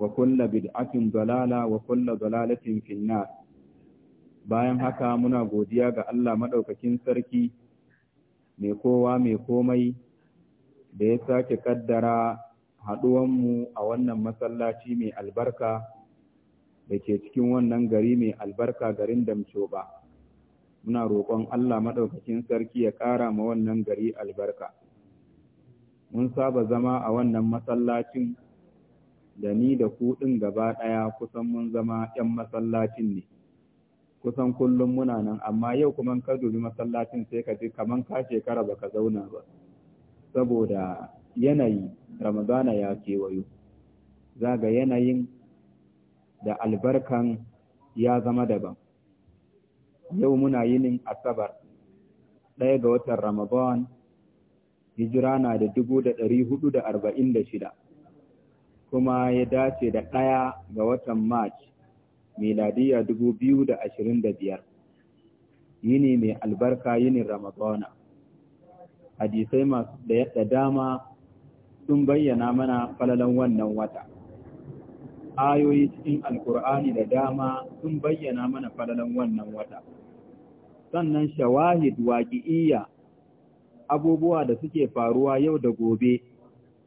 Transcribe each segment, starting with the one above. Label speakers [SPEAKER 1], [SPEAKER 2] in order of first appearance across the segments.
[SPEAKER 1] وكل بدعة ضلالة وكل ضلالة في النار bayan haka muna godiya ga Allah madaukakin sarki mai kowa mai komai da ya sake kaddara mu a wannan masallaci mai albarka da ke cikin wannan gari mai albarka garin da damcoba muna roƙon Allah madaukakin sarki ya ƙara ma wannan gari albarka mun saba zama a wannan masallacin da ni da ku ɗin gaba ɗaya kusan mun zama ‘yan masallacin ne, kusan kullum muna nan, amma yau kuma ka dubi masallacin sai ka ji kaman ka shekara baka zauna ba, saboda yanayi Ramadana ya kewayo, zaga yanayin da albarkan ya zama daban. Yau muna yinin Asabar, ɗaya ga watan Ramadan, hijira na da dubu da ɗari hudu da arba'in da shida. kuma ya dace da ɗaya ga watan March, miladiya 2025, yini mai albarka yini Ramadana. Hadisai masu da dama sun bayyana mana falalan wannan wata. Ayoyi cikin Alkur'ani da dama sun bayyana mana falalan wannan wata. Sannan shawahid waƙi'iyya abubuwa da suke faruwa yau da gobe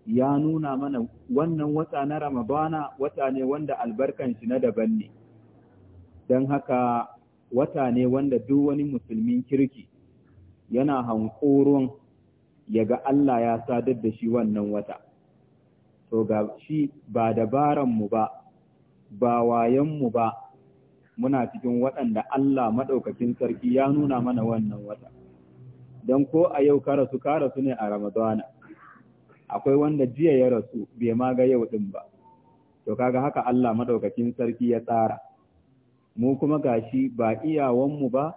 [SPEAKER 1] ya nuna mana wannan wata na Ramadana wata ne wanda albarkan shi na daban ne, don haka wata ne wanda duk wani musulmin kirki yana hankoron ya ga Allah ya sadar da shi wannan wata. To ga shi ba dabaranmu ba, ba mu ba, muna cikin waɗanda Allah maɗaukakin sarki ya nuna mana wannan wata. Don ko a yau karasu karasu ne a Ramadana. akwai wanda jiya ya rasu bai ma ga yau din ba to kaga haka Allah madaukakin sarki ya tsara mu kuma gashi ba iyawan mu ba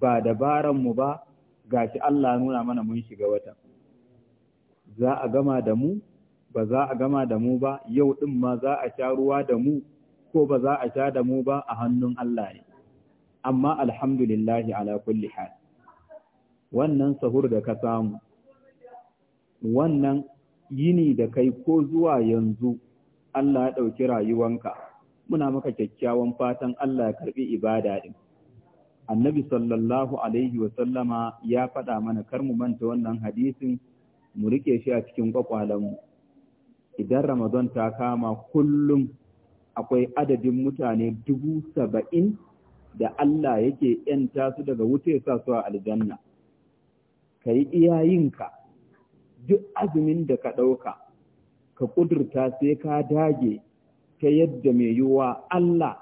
[SPEAKER 1] ba dabaran mu ba gashi Allah nuna mana mun shiga wata za a gama da mu ba za a gama da mu ba yau din ma za a sha ruwa da mu ko ba za a sha da mu ba a hannun Allah ne amma alhamdulillah ala kulli hal wannan sahur da ka samu wannan yini da kai ko zuwa yanzu Allah ya ɗauki rayuwanka muna maka kyakkyawan fatan Allah ya karɓi ibada din annabi sallallahu alaihi wa sallama ya faɗa mana kar mu manta wannan hadisin mu riƙe shi a cikin mu. idan ramadan ta kama kullum akwai adadin mutane dubu saba'in da Allah yake ‘yanta su daga wuce sa su a aljanna ka yi iyayinka duk azumin da ka ɗauka ka ƙudurta sai ka dage ta yadda mai yiwuwa Allah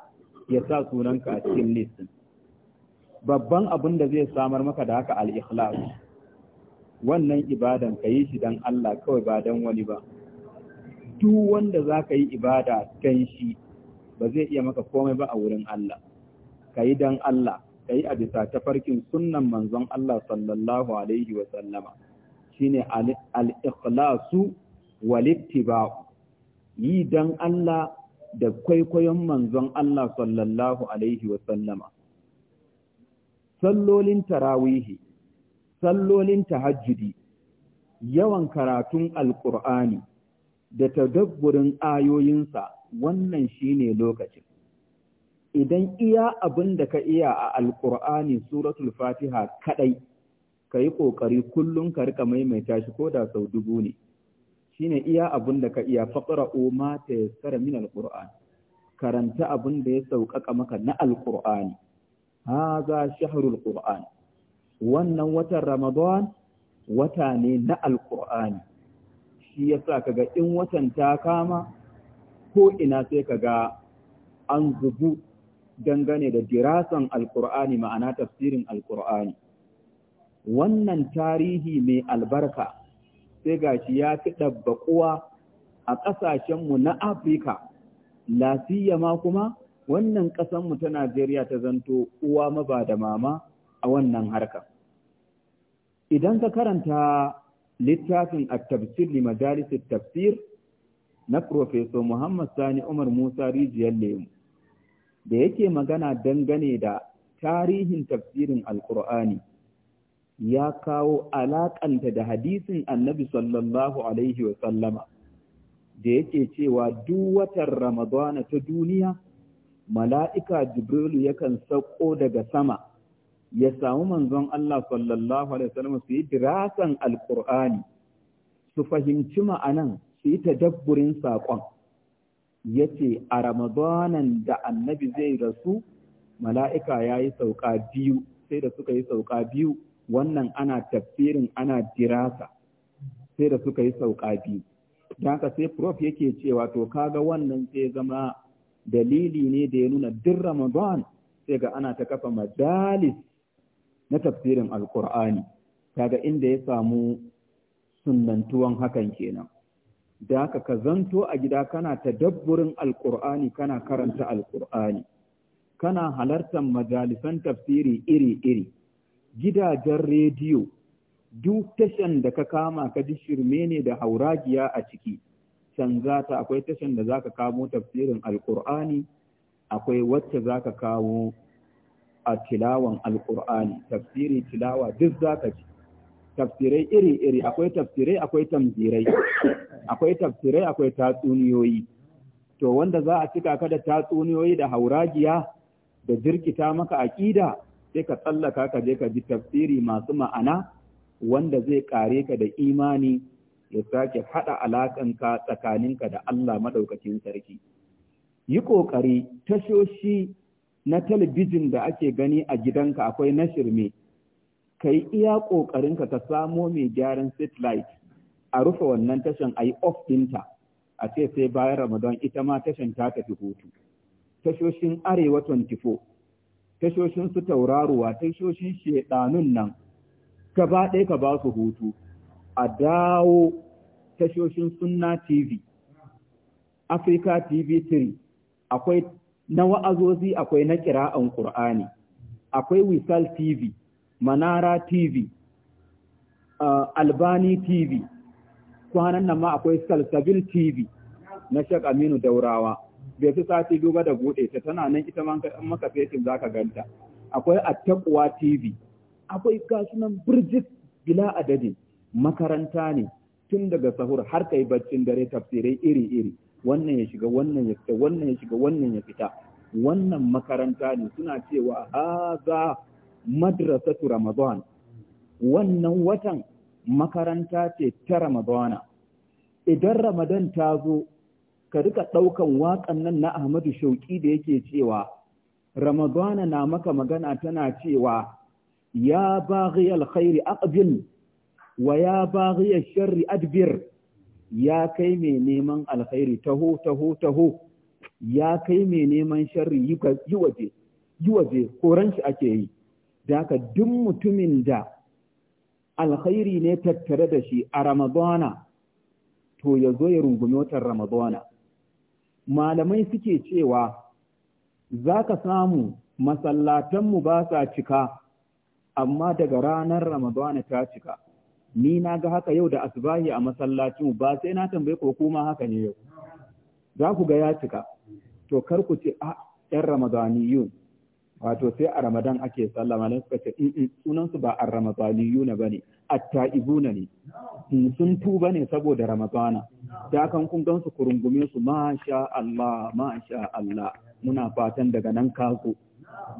[SPEAKER 1] ya sa sunanka a cikin listin babban abin da zai samar maka da haka al-ikhlas wannan ibadan ka yi shi dan Allah kawai ba dan wani ba duk wanda za ka yi ibada kan shi ba zai iya maka komai ba a wurin Allah ka yi dan Allah ka yi a bisa farkin sunnan manzon Allah sallallahu alaihi wa sallama shine al-ikhlasu wal yi dan Allah da kwaikwayon manzon Allah sallallahu alaihi wa sallolin tarawihi sallolin tahajjudi yawan karatun Alƙur'ani, da tadabburin ayoyinsa wannan shine lokacin idan iya abin da ka iya a alqur'ani suratul fatiha kaɗai. ka yi ƙoƙari kullum ka rika maimaita shi ko da sau dubu ne shine iya abin da ka iya o ma tsara min alƙur'an karanta abin da ya sauƙaƙa maka na Ha haza shahrul alƙur'an wannan watan ramadan wata ne na Alƙur'ani. shi ya sa ka ga in watan ta kama ko ina sai ka ga an zubu dangane da dirasan Alƙur'ani ma'ana tafsirin Alƙur'ani. wannan tarihi mai albarka sai gashi ya fi ɗabbaƙuwa a ƙasashenmu na Afirka, lafiya ma kuma wannan ƙasanmu ta Najeriya ta zanto uwa maba da mama a wannan harka. Idan ka karanta littafin a tafsir li majalisar tafsir na Profesor Muhammad Sani Umar Musa Rijiyar Lemu, da yake magana dangane da tarihin tafsirin Alƙur'ani. ya kawo alaƙanta da hadisin annabi sallallahu alaihi wa sallama da yake cewa duk watan ramadana ta duniya mala'ika jibrilu yakan sauko daga sama ya samu manzon Allah sallallahu alaihi sallama su yi dirasan alqur'ani su fahimci ma'anan su yi tadabburin saƙon yace a ramadanan da annabi zai rasu mala'ika ya yi sauka biyu sai da suka yi sauƙa biyu wannan ana tafsirin ana dirasa sai da suka yi sauka biyu don haka sai prof yake cewa to kaga wannan sai zama dalili ne da ya nuna duk ramadan sai ga ana ta kafa majalis na tafsirin alkur'ani kaga inda ya samu sunnantuwan hakan kenan da ka kazanto a gida kana tadabburin alkur'ani kana karanta alkur'ani kana halartar majalisan tafsiri iri-iri gidajen rediyo duk tashan da ka kama ka ji shirme ne da hauragiya a ciki za ta akwai tashan da za ka kamo tafsirin alkur'ani akwai wacce za ka kawo a tilawan alkur'ani tafsiri tilawa duk za ka ji tafsirai iri-iri akwai tafsirai akwai tamzirai akwai tafsirai akwai tatsuniyoyi to wanda za a cika ka da tatsuniyoyi da hauragiya da jirkita maka aƙida sai ka tsallaka ka je ka ji tafsiri masu ma'ana wanda zai kare ka da imani ya sake haɗa alaƙanka tsakaninka da Allah maɗaukacin sarki. Yi ƙoƙari tashoshi na talabijin da ake gani a gidanka akwai na shirme, ka yi iya ƙoƙarinka ka samo mai gyaran satellite a rufe wannan tashan a yi off ɗinta, a ce sai bayan Ramadan ita ma tashan ta tafi hutu. Tashoshin Arewa 24 tashoshin su tauraruwa tashoshin shedanun nan ka ɗaya ka ba su hutu a dawo tashoshin sunna tv africa tv 3 akwai na wa'azozi akwai na kira'an qur'ani akwai wisal tv manara tv uh, albani tv kwanan nan ma akwai salsabil tv na shek aminu daurawa bai fi sati duba da buɗe ta tana nan ita man maka fetin za ka ganta akwai attaquwa tv akwai nan birjit bila adadi makaranta ne tun daga sahur har ka yi baccin dare tafsirai iri-iri wannan ya shiga wannan ya fita wannan ya shiga wannan ya fita wannan makaranta ne suna cewa haza madrasatu ramadan wannan watan makaranta ce ta ramadana idan ramadan ta zo ka rika ɗaukan waƙan nan na Ahmadu Shauƙi da yake cewa, Ramadana na maka magana tana cewa, Ya baghi alkhairi aqbil wa ya baghi sharri adbir, ya kai mai neman alkhairi taho taho taho, ya kai mai neman sharri yi waje, yi waje, koran shi ake yi. Da ka duk mutumin da alkhairi ne tattare da shi a Ramadana, to ya zo ya rungumi watan Ramadana. malamai suke cewa za ka samu masallatanmu ba sa cika amma daga ranar ramadana ta cika ni na ga haka yau da asbahi a masallacinmu ba sai na tambaye ko kuma haka ne yau za ku ga ya cika to kar ku ce a ah, 'yan ramadaniyun wato sai a ramadan ake sallah malam suka ce mm, mm, sunan su ba ar ba bane at-taibuna ne mm, sun tuba ne saboda ramadana da kan kun gan kurungume su masha Allah masha Allah muna fatan daga nan kaso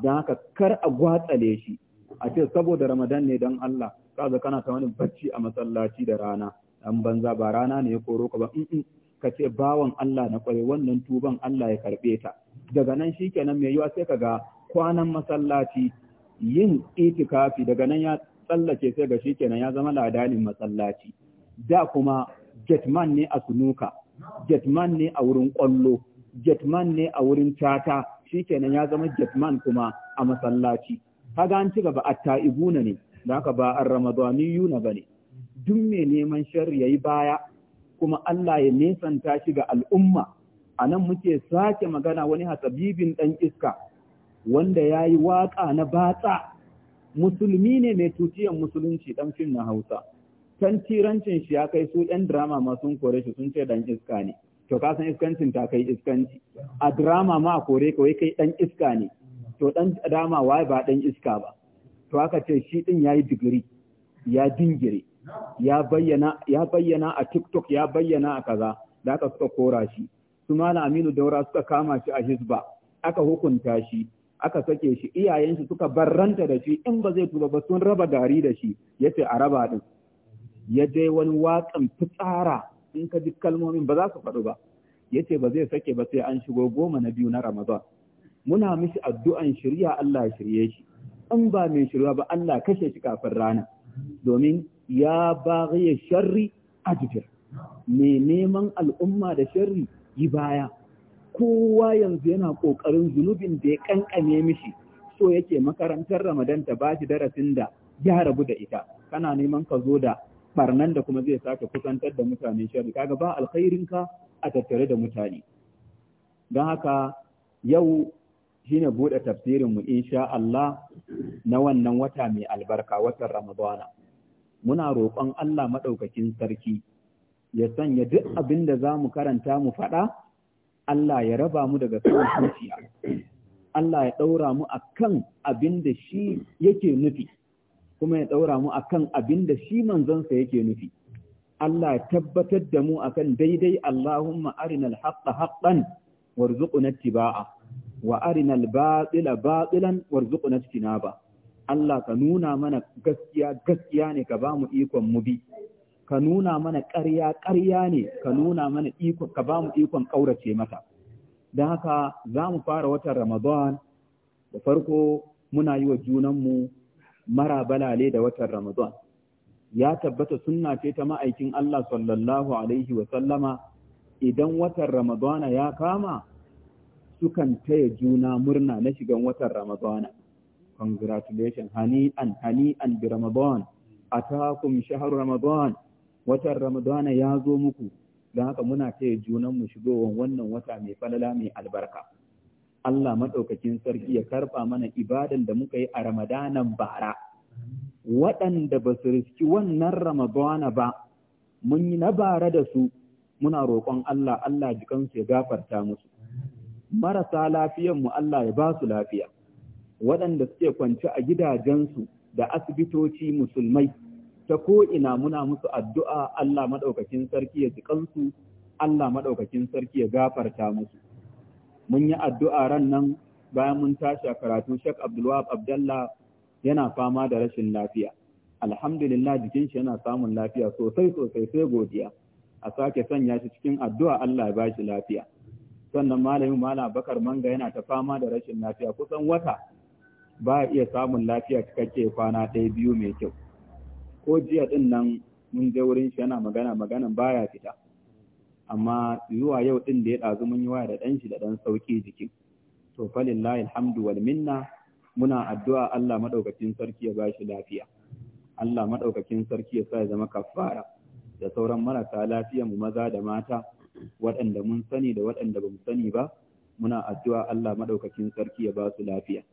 [SPEAKER 1] don haka kar a gwatsale shi a ce saboda ramadan ne don Allah kaza kana ta wani bacci a masallaci da rana dan banza ba rana ne ya koro ka ba ka ce bawan Allah na kware wannan tuban Allah ya karbe ta daga nan shikenan mai yiwa sai ka ga. kwanan masallaci yin itikafi daga nan ya tsallake sai ga shikenan ya zama ladanin masallaci da kuma jetman ne a sunuka jetman ne a wurin kwallo jetman ne a wurin tata shikenan ya zama jetman kuma a masallaci kaga an ci gaba atta'ibuna ne da haka ba ar yuna bane duk me neman sharri yayi baya kuma Allah ya nesanta shi ga al'umma anan muke sake magana wani hasabibin dan iska wanda ya yi waƙa na batsa musulmi ne mai tuciyan musulunci ɗan fim na hausa tirancin shi ya kai su ɗan drama masu sun kore shi sun ce ɗan iska ne to ka san iskancin ta kai iskanci a drama ma a kore ka kai ɗan iska ne to ɗan drama wa ba ɗan iska ba to aka ce shi ɗin ya yi digiri ya dingire ya bayyana a tiktok ya bayyana a kaza da aka suka kora shi su malam aminu daura suka kama shi a hisba aka hukunta shi aka sake shi iyayen shi suka barranta da shi in ba zai tuba ba sun raba gari da shi Ya ce a raba din ya je wani waƙan fitsara in ka ji kalmomin ba za su faɗu ba Ya ce ba zai sake ba sai an shigo goma na biyu na Ramadan muna mishi addu'an shirya Allah shirye shi in ba mai shirya ba Allah kashe shi kafin rana domin ya ba ya sharri ajfir mai neman al'umma da sharri yi baya kowa yanzu yana ƙoƙarin zunubin da ya ƙanƙame mishi so yake makarantar ramadan ta ba shi darasin da ya rabu da ita kana neman ka zo da barnan da kuma zai sake kusantar da mutane shari kaga ba ka a tattare da mutane don haka yau shine buɗe mu insha Allah na wannan wata mai albarka watan Ramadana muna roƙon Allah maɗaukakin sarki ya sanya duk abin da za mu karanta mu faɗa Allah ya raba mu daga kan zuciya Allah ya ɗaura mu kan abin da shi yake nufi kuma ya ɗaura mu akan abin da shi manzansa yake nufi Allah ya tabbatar da mu akan daidai Allahumma arinal haqqa haqqan warzuqna ittiba'a wa arinal batila batilan warzuqna ijtinaba Allah ka nuna mana gaskiya gaskiya ne ka ba mu ikon mu bi ka nuna mana ƙarya ƙarya ne ka nuna mana ikon ka ba mu ikon ƙaurace mata don haka za mu fara watan ramadan da farko muna yi wa junanmu mara balale da watan ramadan ya tabbata sunna ce ta ma'aikin Allah sallallahu alaihi wa idan watan ramadana ya kama sukan taya juna murna na shigan watan ramadana congratulations hani'an hani'an bi ramadan atakum shahar ramadan watan ramadana ya zo muku don haka muna taya mu shigowar wannan wata mai falala mai albarka Allah maɗaukakin sarki ya karɓa mana ibadan da muka yi a ramadanan bara waɗanda ba su riski wannan ramadana ba mun yi na bara da su muna roƙon Allah Allah jikansu ya gafarta musu marasa lafiyanmu Allah ya ba su lafiya waɗanda suke kwance a gidajensu da asibitoci musulmai ta ko ina muna musu addu'a Allah Maɗaukakin sarki ya jiƙansu, Allah maɗaukakin sarki ya gafarta musu mun yi addu'a ran nan bayan mun tashi a karatu Sheikh Abdulwahab Abdallah yana fama da rashin lafiya alhamdulillah jikin shi yana samun lafiya sosai sosai sai godiya a sake sanya shi cikin addu'a Allah ya shi lafiya sannan malamin malam Bakar Manga yana ta fama da rashin lafiya kusan wata ba iya samun lafiya cikakke kwana ɗaya biyu mai kyau ko jiya din nan mun je wurin shi yana magana maganan baya fita amma zuwa yau din da ya ɗazu mun yi waya da ɗan shi da ɗan sauki jikin to falillahi alhamdu wal minna muna addu'a Allah madaukakin sarki ya bashi lafiya Allah madaukakin sarki ya sa ya zama kafara da sauran marasa lafiya mu maza da mata waɗanda mun sani da waɗanda bamu sani ba muna addu'a Allah madaukakin sarki ya ba su lafiya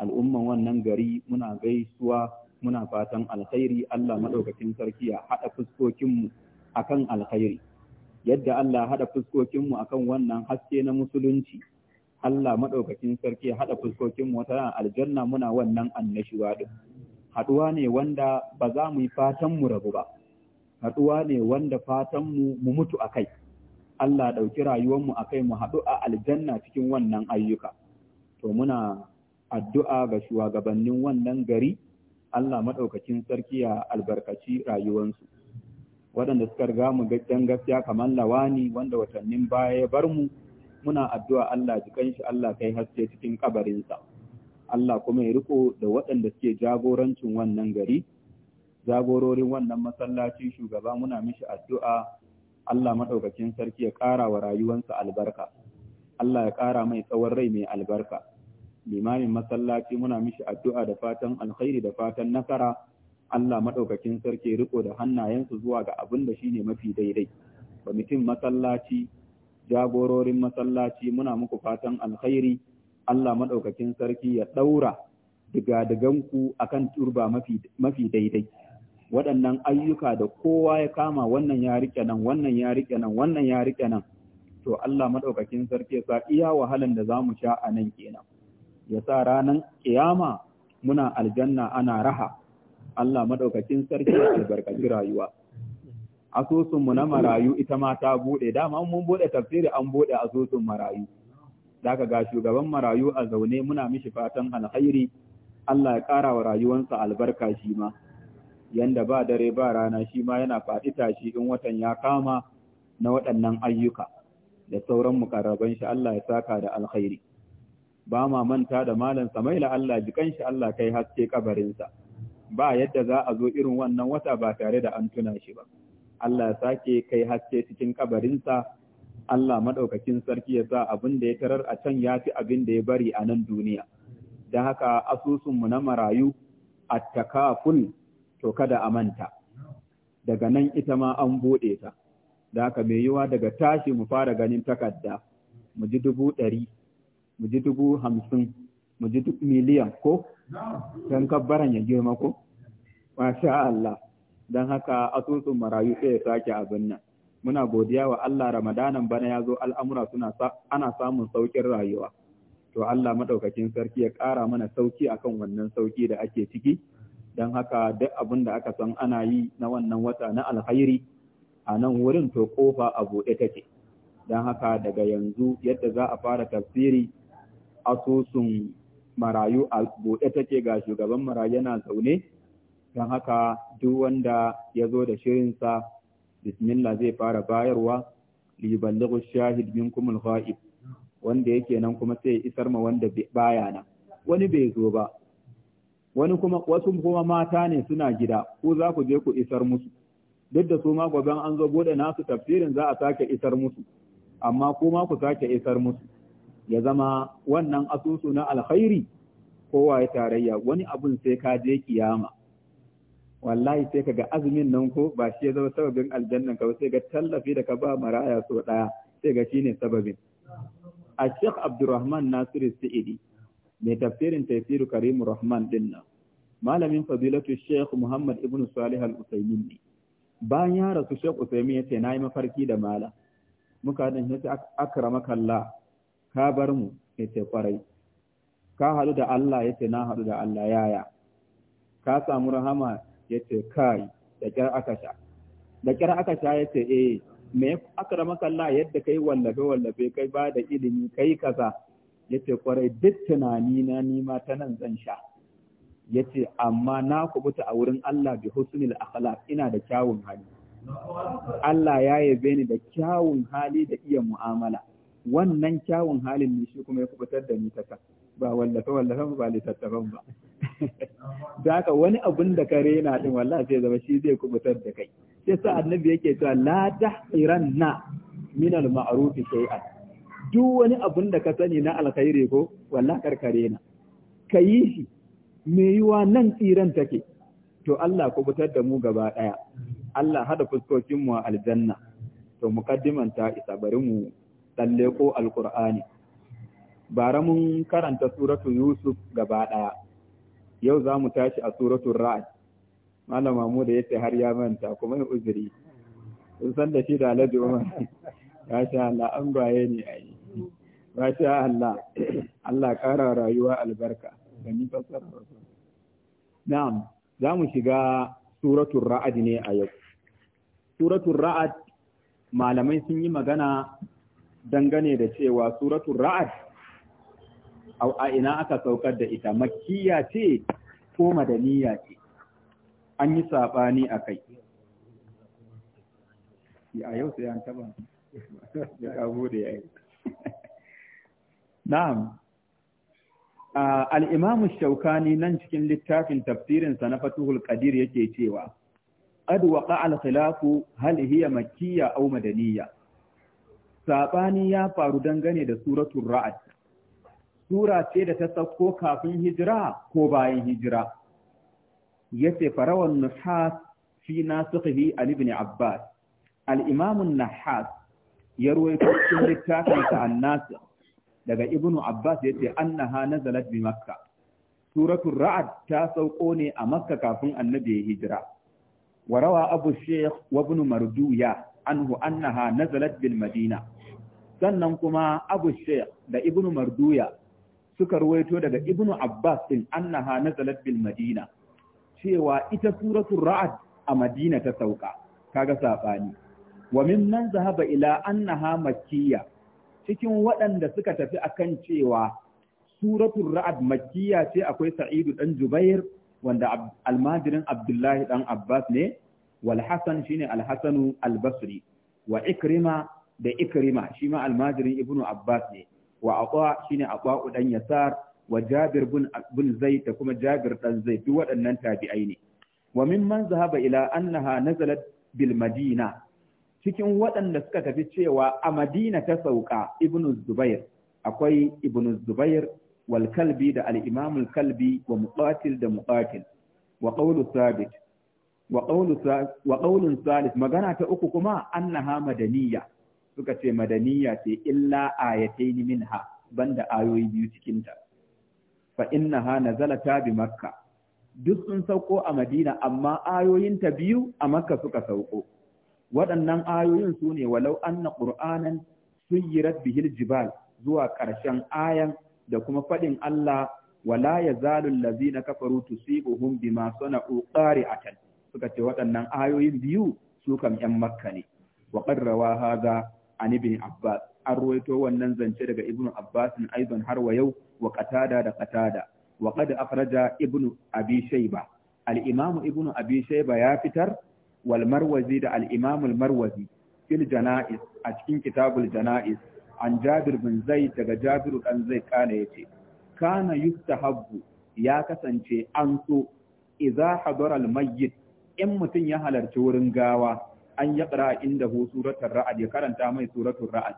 [SPEAKER 1] al'umman wannan gari muna gaisuwa muna fatan alkhairi Allah madaukakin sarki ya hada fuskokinmu akan alkhairi yadda Allah haɗa fuskokinmu akan wannan haske na musulunci Allah madaukakin sarki ya hada fuskokinmu wata aljanna muna wannan annashuwa din haduwa ne wanda ba za mu yi fatan mu rabu ba Haɗuwa ne wanda fatan mu mu mutu akai Allah ɗauki rayuwar mu akai mu haɗu a aljanna cikin wannan ayyuka. To muna addu'a ga shugabannin wannan gari Allah maɗaukacin sarki ya albarkaci rayuwansu. Waɗanda suka riga mu dan gaskiya kamar lawani wanda watannin baya ya bar mu muna addu'a Allah ji shi Allah kai haske cikin kabarinsa. Allah kuma ya riko da waɗanda suke jagorancin wannan gari, jagororin wannan masallaci shugaba muna mishi addu'a Allah maɗaukacin sarki ya ƙara wa rayuwansa albarka. Allah ya ƙara mai tsawon rai mai albarka. limamin masallaci muna mishi addu'a da fatan alkhairi da fatan nasara Allah madaukakin sarki riko da hannayensu zuwa ga abin da shine mafi daidai kwamitin masallaci jagororin masallaci muna muku fatan alkhairi Allah madaukakin sarki ya daura ku akan turba mafi mafi daidai waɗannan ayyuka da kowa ya kama wannan ya rike nan wannan ya rike nan wannan ya rike nan to Allah madaukakin sarki ya sa iya wahalan da zamu sha a nan kenan ya sa ranar kiyama muna aljanna ana raha Allah madaukakin sarki ya albarkaci rayuwa asusunmu na marayu ita ma ta bude dama mun buɗe tafsiri an buɗe asusun marayu daga ga shugaban marayu a zaune muna mishi fatan alkhairi Allah ya ƙara wa rayuwansa albarka shi ma yanda ba dare ba rana shi ma yana faɗi tashi in watan ya kama na waɗannan ayyuka da sauran mukarraban shi Allah ya saka da alkhairi ba ma manta da malam Samaila Allah jikan shi Allah kai haske kabarinsa ba yadda za a zo irin wannan wata ba tare da an tuna shi ba Allah ya sake kai haske cikin kabarinsa Allah madaukakin sarki ya sa abin da ya tarar a can ya fi abin da ya bari a nan duniya Da haka asusunmu na marayu attakaful to kada a manta daga nan ita ma an buɗe ta da haka mai yiwa daga tashi mu fara ganin takarda mu ji dubu ɗari mu ji dubu hamsin mu ji duk miliyan ko don kabbaran ya girma ko masha Allah don haka asusun marayu sai ya sake abin nan muna godiya wa Allah ramadanan bana ya zo al'amura suna ana samun saukin rayuwa to Allah madaukakin sarki ya ƙara mana sauki akan wannan sauki da ake ciki don haka duk abin da aka san ana yi na wannan wata na alkhairi a nan wurin to kofa a buɗe take don haka daga yanzu yadda za a fara tafsiri asusun marayu a buɗe take ga shugaban marayu yana zaune don haka duk wanda ya zo da shirinsa bismillah zai fara bayarwa liballighu shahid min kumul ghaib wanda yake nan kuma sai isar ma wanda baya nan wani bai zo ba wani kuma wasu kuma mata ne suna gida ko za ku je ku isar musu duk da su ma gwaban an zo bude nasu tafsirin za a sake isar musu amma kuma ku sake isar musu ya zama wannan asusu na alkhairi kowa ya tarayya wani abun sai ka je kiyama wallahi sai ka ga azumin nan ko ba shi ya zama sababin aljannan ka sai ga tallafi da ka ba maraya so daya sai ga shine sababin a Sheikh Abdurrahman Nasiru Sa'idi mai tafsirin tafsiru Karimu Rahman dinna malamin fadilatu Sheikh Muhammad ibnu Salih al ne bayan ya rasu Sheikh ce yace nayi mafarki da mala muka dan yace akramaka ka bar mu yace kwarai ka haɗu da Allah yace na haɗu da Allah yaya ka samu rahama yace kai da kyar aka sha da kyar aka sha yace eh me aka rama kalla yadda kai wallafe wallafe kai ba da ilimi kai kaza yace kwarai duk tunani na nima ta nan zan sha yace amma na kubuta a wurin Allah bi husnil akhlaq ina da kyawun hali Allah ya yabe ni da kyawun hali da iya mu'amala wannan kyawun halin ne shi kuma ya kubutar da ni ta ka ba wallafe wallafe ba littattafan ba da haka wani abun da ka rena din wallahi sai zama shi zai kubutar da kai sai sa annabi yake cewa la na min al ma'ruf shay'an duk wani abun da ka sani na alkhairi ko wallahi karkare na kayi shi me yiwa nan tsiran take to Allah kubutar da mu gaba daya Allah hada fuskokin mu a aljanna to muqaddiman ta isa bari mu tsalle ko alkur'ani bara mun karanta suratu yusuf gaba ɗaya yau za mu tashi a suratun ra'ad malam mamu da yace har ya manta kuma in uzuri sun san da shi da alhaji umar Ya sha Allah an gwaye ne a yi sha Allah Allah kara rayuwa albarka da ni fasara na'am za mu shiga suratun ra'ad ne a yau suratun ra'ad malamai sun yi magana dangane da cewa suratul ra'ad a ina aka saukar da ita makkiya ce ko madaniya ce an yi saɓani a kai a yau sai an taba ya da yayi na'am al'imamu shaukani nan cikin littafin tafsirinsa na fatuhul qadir yake cewa qad waqa al-khilafu hal hiya makkiyya aw madaniya saɓani ya faru dangane da suratun ra'ad sura ce da ta sauko kafin hijira ko bayan hijira ce farawan nuhas fi nasihi ali ibn abbas al Nuhas, nahas ya ruwaito cikin daga ibnu abbas yace annaha na bi makka Suratun ra'ad ta sauko ne a makka kafin annabi ya hijira وروى أبو الشيخ وابن مردوية عنه أنها نزلت Madina. sannan kuma abu shaykh da ibnu marduya suka ruwaito daga ibnu abbas din annaha nazalat bil madina cewa ita suratul ra'd a madina ta sauka kaga sabani wa mimman zahaba ila annaha makkiya cikin waɗanda suka tafi akan cewa suratul ra'd makkiya ce akwai sa'idu dan jubair wanda almajirin abdullahi dan abbas ne wal hasan shine al hasanu al basri wa ikrima da ikrima shi ma almajirin ibnu abbas ne wa aqwa shine aqwa dan yasar wa jabir bin bin zaid da kuma jabir dan zaid duk waɗannan tabi'ai ne wa mimman zahaba ila annaha nazalat bil madina cikin waɗanda suka tafi cewa a madina ta sauka ibnu zubair akwai ibnu zubair wal kalbi da al imam al kalbi wa muqatil da muqatil wa qawlu thabit wa qawlu wa qawlun magana ta uku kuma annaha niyya. suka ce madaniya ce illa ayatayn minha banda ayoyi biyu cikin ta fa nazala ta bi makka duk sun sauko a madina amma ayoyin ta biyu a makka suka sauko waɗannan ayoyin su ne walau anna qur'anan suyirat bihil jibal zuwa ƙarshen ayan da kuma faɗin Allah wala yazalul allazina kafaru tusibuhum bima sana'u qari'atan suka ce waɗannan ayoyin biyu su kam ƴan makka ne wa qad rawa an ibn Abbas an wannan zance daga ibnu Abbas aidan har wa yau wa qatada da qatada wa qad akhraja ibn Abi Shayba al-Imam ibn Abi Shayba ya fitar wal Marwazi da al-Imam al-Marwazi fil Janaiz a cikin kitabul Janaiz an Jabir bin Zaid daga Jabir dan Zaid kana yace kana yustahabbu ya kasance an so idza hadara al-mayyit in mutun ya halarci wurin gawa an inda hu suratul ra'd ya karanta mai suratul ra'd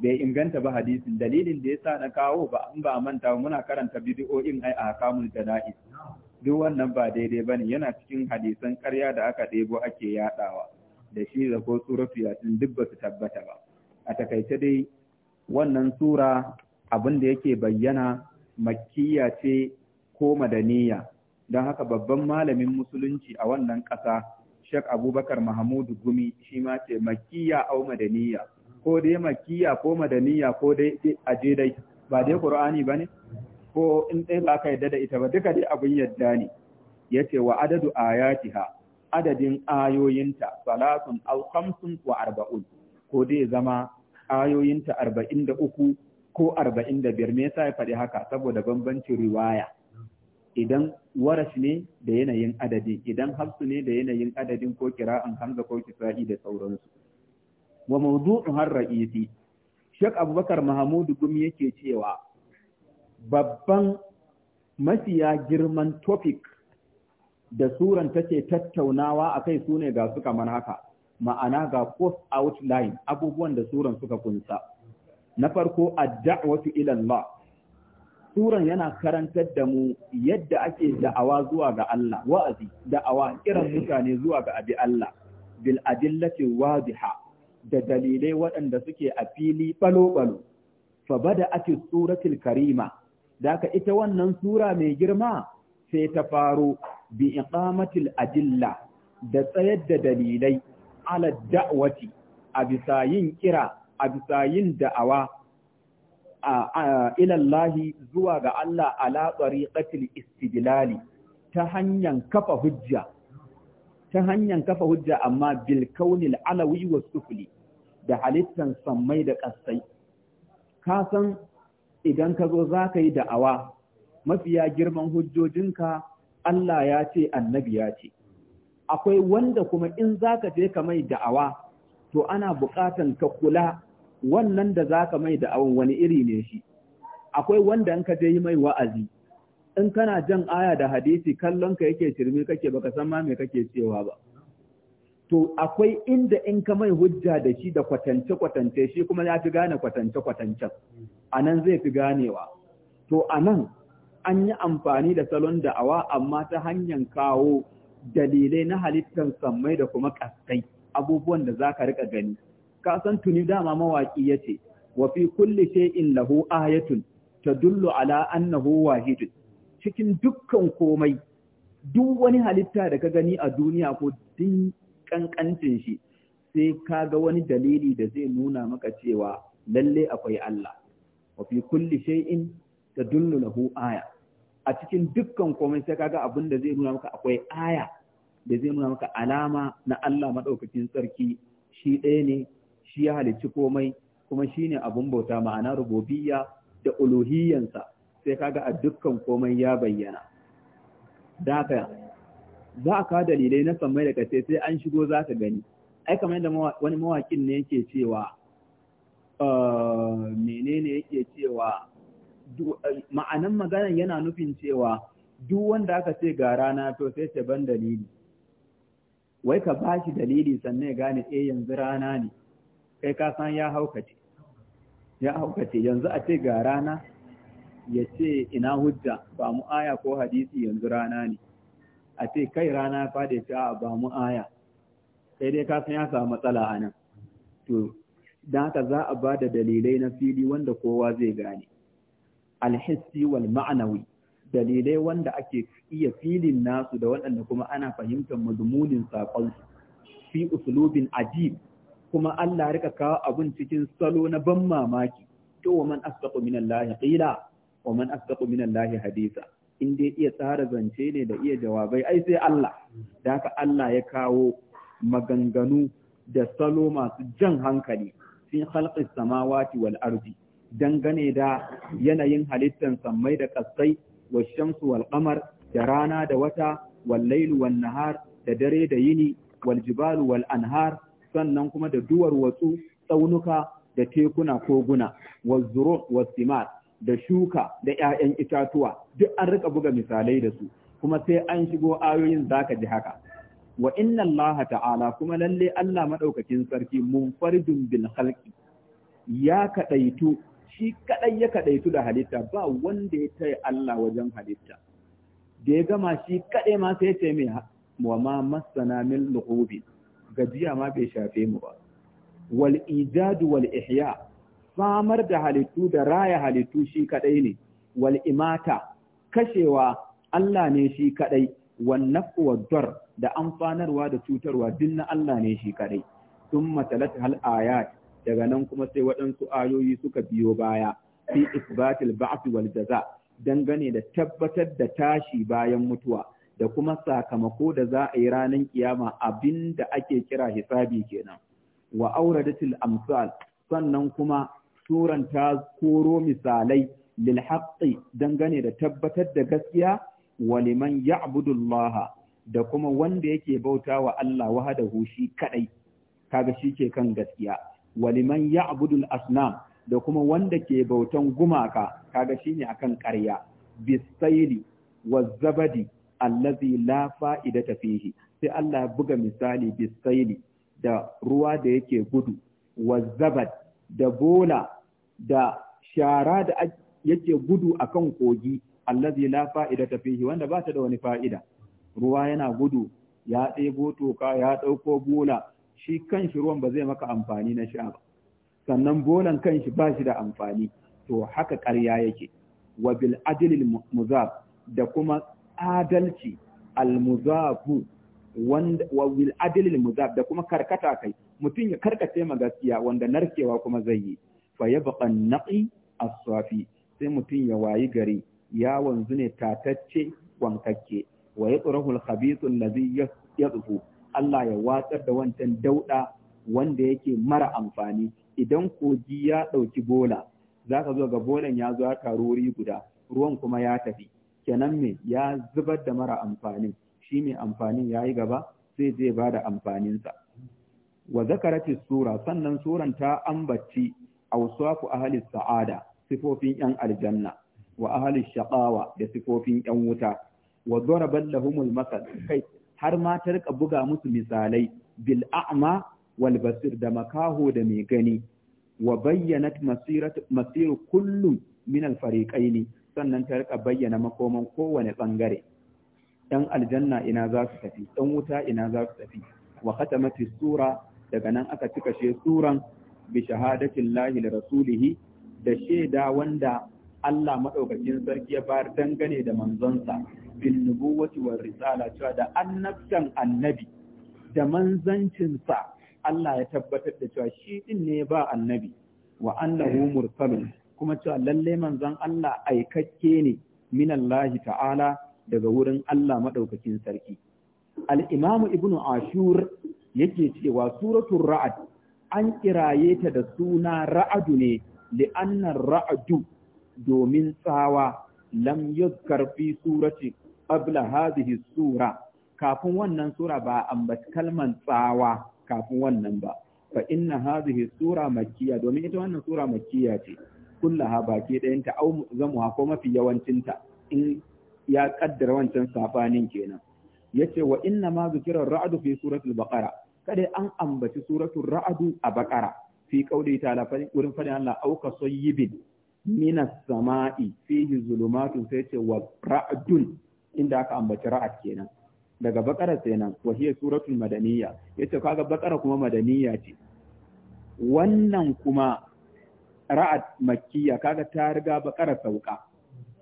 [SPEAKER 1] bai inganta ba hadisin dalilin da ya sa na kawo ba an ba manta muna karanta in ai a kamun jana'i duk wannan ba daidai bane yana cikin hadisan ƙarya da aka ɗebo ake yadawa da shi da ko suratu yasin duk ba su tabbata ba a takaice dai wannan sura abin da yake bayyana makkiya ce ko madaniya don haka babban malamin musulunci a wannan ƙasa Sheikh Abubakar Mahmud Gumi shi ma ce Makiya au madaniya ko dai Makiya ko madaniya ko dai aje dai ba dai Qur'ani bane ko in dai ba ka yadda da ita ba duka dai abin yadda ne yace wa adadu ayatiha adadin ayoyinta salatun aw khamsun wa arba'un ko dai zama ayoyinta 43 ko 45 me yasa ya faɗi haka saboda bambancin riwaya idan Waras ne da yanayin adadi idan hafsu ne da yanayin adadin ko kira'an hamza ko kisa'i da sauransu wa mawdu'u har ra'isi Sheikh Abubakar Mahamudu Gumi yake cewa babban mafiya girman topic da suran take tattaunawa akai sune ga su kamar haka ma'ana ga post outline abubuwan da suran suka kunsa na farko ad ila Allah suran yana karantar da mu yadda ake da'awa zuwa ga Allah wa'azi da'awa kiran mutane zuwa ga abi Allah bil adillati wadiha da dalilai waɗanda suke a fili balo-balo fa bada ake suratul karima daka ita wannan sura mai girma sai ta faro bi iqamatil adilla da tsayar da dalilai ala da'wati abisayin bisa yin kira a da'awa ilallahi zuwa ga Allah ala tsariƙatil istidilali ta hanyar kafa hujja ta hanyar kafa hujja amma bil kaunil alawi wa sufuli da halittar sammai da ƙasai ka san idan ka zo za ka yi da'awa mafiya girman hujjojinka Allah ya ce annabi ya ce akwai wanda kuma in za ka je ka mai da'awa to ana buƙatan ka kula wannan da za ka mai da awon wani iri ne shi akwai wanda in ka je yi mai wa'azi in kana jan aya da hadisi kallon ka yake shirme kake baka san ma me kake cewa ba to akwai inda in ka mai hujja da shi da kwatance kwatance shi kuma ya fi gane kwatance kwatancen nan zai fi ganewa to a nan, an yi amfani da salon da'awa amma ta hanyar kawo dalilai na halittar sammai da kuma kaskai abubuwan da za ka riƙa gani ka san tuni dama mawaki yace wa fi kulli shay'in lahu ayatun tadullu ala annahu wahid cikin dukkan komai duk wani halitta da ka gani a duniya ko din kankancin shi sai ka ga wani dalili da zai nuna maka cewa lalle akwai Allah wa fi kulli shay'in tadullu lahu aya a cikin dukkan komai sai kaga abin da zai nuna maka akwai aya da zai nuna maka alama na Allah madaukakin sarki shi ɗaya ne shi ya halicci komai kuma shi ne abin bauta ma'ana rububiyya da uluhiyyansa sai kaga a dukkan komai ya bayyana daka za ka dalilai na samai da kace sai an shigo za ka gani ai kamar yadda wani mawakin ne yake cewa ah, menene yake cewa ma'anan maganan yana nufin cewa duk wanda aka ce ga rana to sai ce ban dalili wai ka bashi dalili sannan ya gane eh yanzu rana ne kai ka san ya haukace ya haukace yanzu a ce ga rana ya ce ina hujja ba mu aya ko hadisi yanzu rana ne a ce kai rana fa da a ba mu aya sai dai ka san ya samu matsala a nan to dan haka za a ba da dalilai na fili wanda kowa zai gane alhissi wal ma'anawi dalilai wanda ake iya filin nasu da waɗanda kuma ana fahimtar mazmunin saƙonsu fi uslubin ajib kuma Allah rika kawo abun cikin salo na ban mamaki to wa man asdaqu minallahi qila wa man asdaqu minallahi hadisa in dai iya tsara zance ne da iya jawabai ai sai Allah da haka Allah ya kawo maganganu da salo masu jan hankali sun khalqis samawati wal ardi dangane da yanayin halittan sammai da kasai wa shamsu wal da rana da wata wal lailu wal nahar da dare da yini wal jibalu wal anhar sannan kuma da duwar watsu, tsaunuka da tekuna koguna wazzuru wasimar da shuka da 'ya'yan itatuwa duk an rika buga misalai da su kuma sai an shigo ayoyin zaka ji haka wa inna Allah ta'ala kuma lalle Allah madaukakin sarki munfaridun bil khalqi ya kadaitu shi kadai ya kadaitu da halitta ba wanda ya taya Allah wajen halitta da ya gama shi kadai ma sai ya ce mai wa ma masana min lughubin gajiya ma bai shafe mu ba wal ijadu wal ihya samar da halittu da raya halittu shi kadai ne wal imata kashewa Allah ne shi kadai wan naf'u dar da amfanarwa da cutarwa din na Allah ne shi kadai Tun matalat hal ayat daga nan kuma sai waɗansu ayoyi suka biyo baya fi isbatil ba'th wal jaza dangane da tabbatar da tashi bayan mutuwa da kuma sakamako da za a yi ranar kiyama abin da ake kira hisabi kenan wa auradatil amsal sannan kuma suran ta koro misalai lil haqqi dangane da tabbatar da gaskiya wa liman ya'budu da kuma wanda yake bauta wa Allah wahdahu shi kadai kaga shi ke kan gaskiya wa liman ya'budu asnam da kuma wanda ke bautan gumaka kaga shine akan ƙarya bisaili wazzabadi allazi la fa'idata fihi sai Allah buga misali bisaili da ruwa da yake gudu zabad da bola da shara da yake gudu akan kogi allazi la fa'idata fihi wanda ba ta da wani fa'ida ruwa yana gudu ya ɗebo toka ya ɗauko bola shi kanshi ruwan ba zai maka amfani na sha ba sannan bolan kanshi ba shi da amfani to haka ƙarya yake wa bil adlil muzab da kuma adalci almuzafu wanda wa wil adli da kuma karkata kai mutum ya karkace ma gaskiya wanda narkewa kuma zai yi fa yabqa naqi as-safi sai mutum ya wayi gari ya wanzu ne tatacce wankakke wa yatrahu al-khabith alladhi yadhu Allah ya watsar da wancan dauda wanda yake mara amfani idan kogi ya dauki bola zaka zo ga bolan ya zo ya guda ruwan kuma ya tafi kenan me ya zubar da mara amfanin shi mai amfanin ya yi gaba sai zai ba da amfaninsa wa zakarati sura sannan suran ta ambaci awsafu ahli sa'ada sifofin yan aljanna wa ahli shaqawa da sifofin yan wuta wa darabat lahumul masal kai har ma ta rika buga musu misalai bil a'ma wal basir da makaho da mai gani wa bayyana masiru kullum min al fariqaini sannan ta rika bayyana makoman kowane bangare dan aljanna ina za su tafi dan wuta ina za su tafi wa khatamat sura daga nan aka cika she suran bi shahadatin lahi da rasulihi da shaida wanda Allah madaukakin sarki ya bayar dangane da manzonsa bin nubuwati war risala cewa da annabtan annabi da manzancinsa Allah ya tabbatar da cewa shi din ne ba annabi wa annahu mursalun kuma cewa lalle manzon Allah aikakke ne min Allah ta'ala daga wurin Allah madaukakin sarki al-imamu ibnu ashur yake cewa suratul ra'd an kiraye ta da suna ra'adu ne li'annar ra'adu domin tsawa lam yuzkar fi surati qabla hadhihi sura kafin wannan sura ba ambaci kalman tsawa kafin wannan ba fa inna hadhihi sura makkiya domin ita wannan sura makkiya ce kullaha baki ɗayanta au zamuha ko mafi yawancinta in ya kaddara wancan safanin kenan yace wa inna ma zikira ra'adu fi suratul baqara kada an ambaci suratul ra'adu a baqara fi qauli ta'ala wurin fadin Allah au ka sayyibin minas sama'i fihi zulumatun sai ce wa ra'dun inda aka ambaci ra'ad kenan daga bakara kenan wa hiya suratul madaniyya yace kaga bakara kuma madaniyya ce wannan kuma ra'ad makkiya kaga ta riga bakara sauka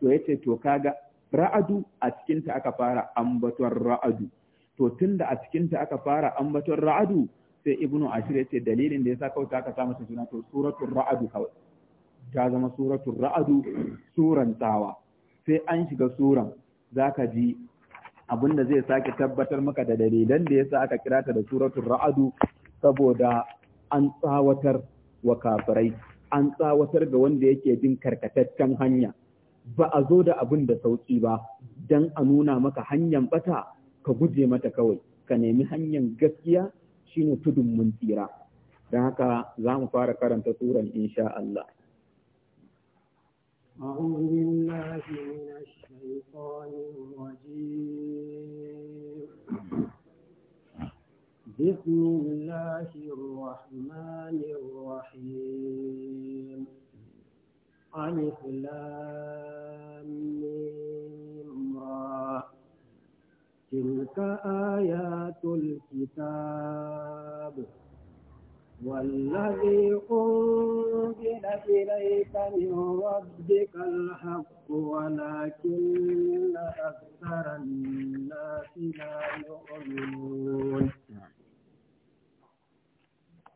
[SPEAKER 1] to yace to kaga ra'adu a cikin ta aka fara ambaton ra'adu to tunda a cikin ta aka fara ambaton ra'adu sai ibnu ashir yace dalilin da yasa kawai ta aka samu suna to suratul ra'adu kawai ta zama suratul ra'adu suran tawa sai an shiga suran zaka ji abinda zai sake tabbatar maka da dalilan da yasa aka kira ta da suratul ra'adu saboda an tsawatar wa kafirai an tsawatar ga wanda yake bin karkataccen hanya ba a zo da abin da sauki ba don a nuna maka hanyar bata ka guje mata kawai ka nemi hanyar gaskiya shine tudun mun tsira don haka za mu fara karanta turan insha Allah أعوذ بالله بسم الله الرحمن الرحيم ألف لام را تلك آيات الكتاب والذي أنزل إليك من ربك الحق ولكن أكثر الناس لا يؤمنون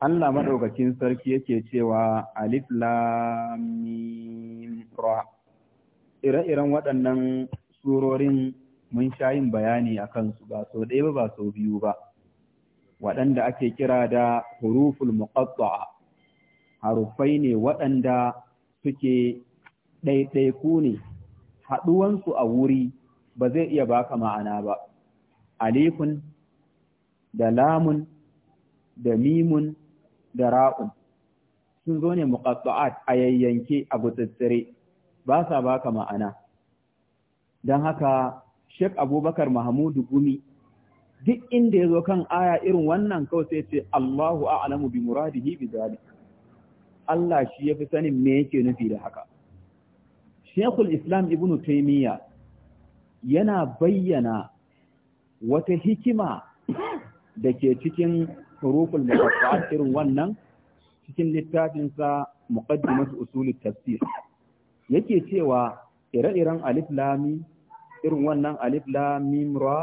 [SPEAKER 1] Allah maɗaukakin sarki yake cewa alif lamim ra ire-iren waɗannan surorin mun sha yin bayani a kansu ba sau ɗaya ba sau biyu ba waɗanda ake kira da huruful muqatta'a harufai ne waɗanda suke ɗaiɗaiku ne haɗuwansu a wuri ba zai iya baka ma'ana ba alifun da lamun da mimun da ra'un sun zo ne muqatta'at a yayyanke a gutsitsire ba sa baka ma'ana don haka Sheikh Abubakar mahmud Gumi duk inda ya zo kan aya irin wannan kawai sai ce Allahu a'lamu bi muradihi bi zalik Allah shi yafi sanin me yake nufi da haka Sheikhul Islam Ibn Taymiyyah yana bayyana wata hikima da ke cikin huruful muqatta'at irin wannan cikin littafinsa, sa muqaddimat usulit tafsir yake cewa ire-iren alif lam irin wannan alif lam mim ra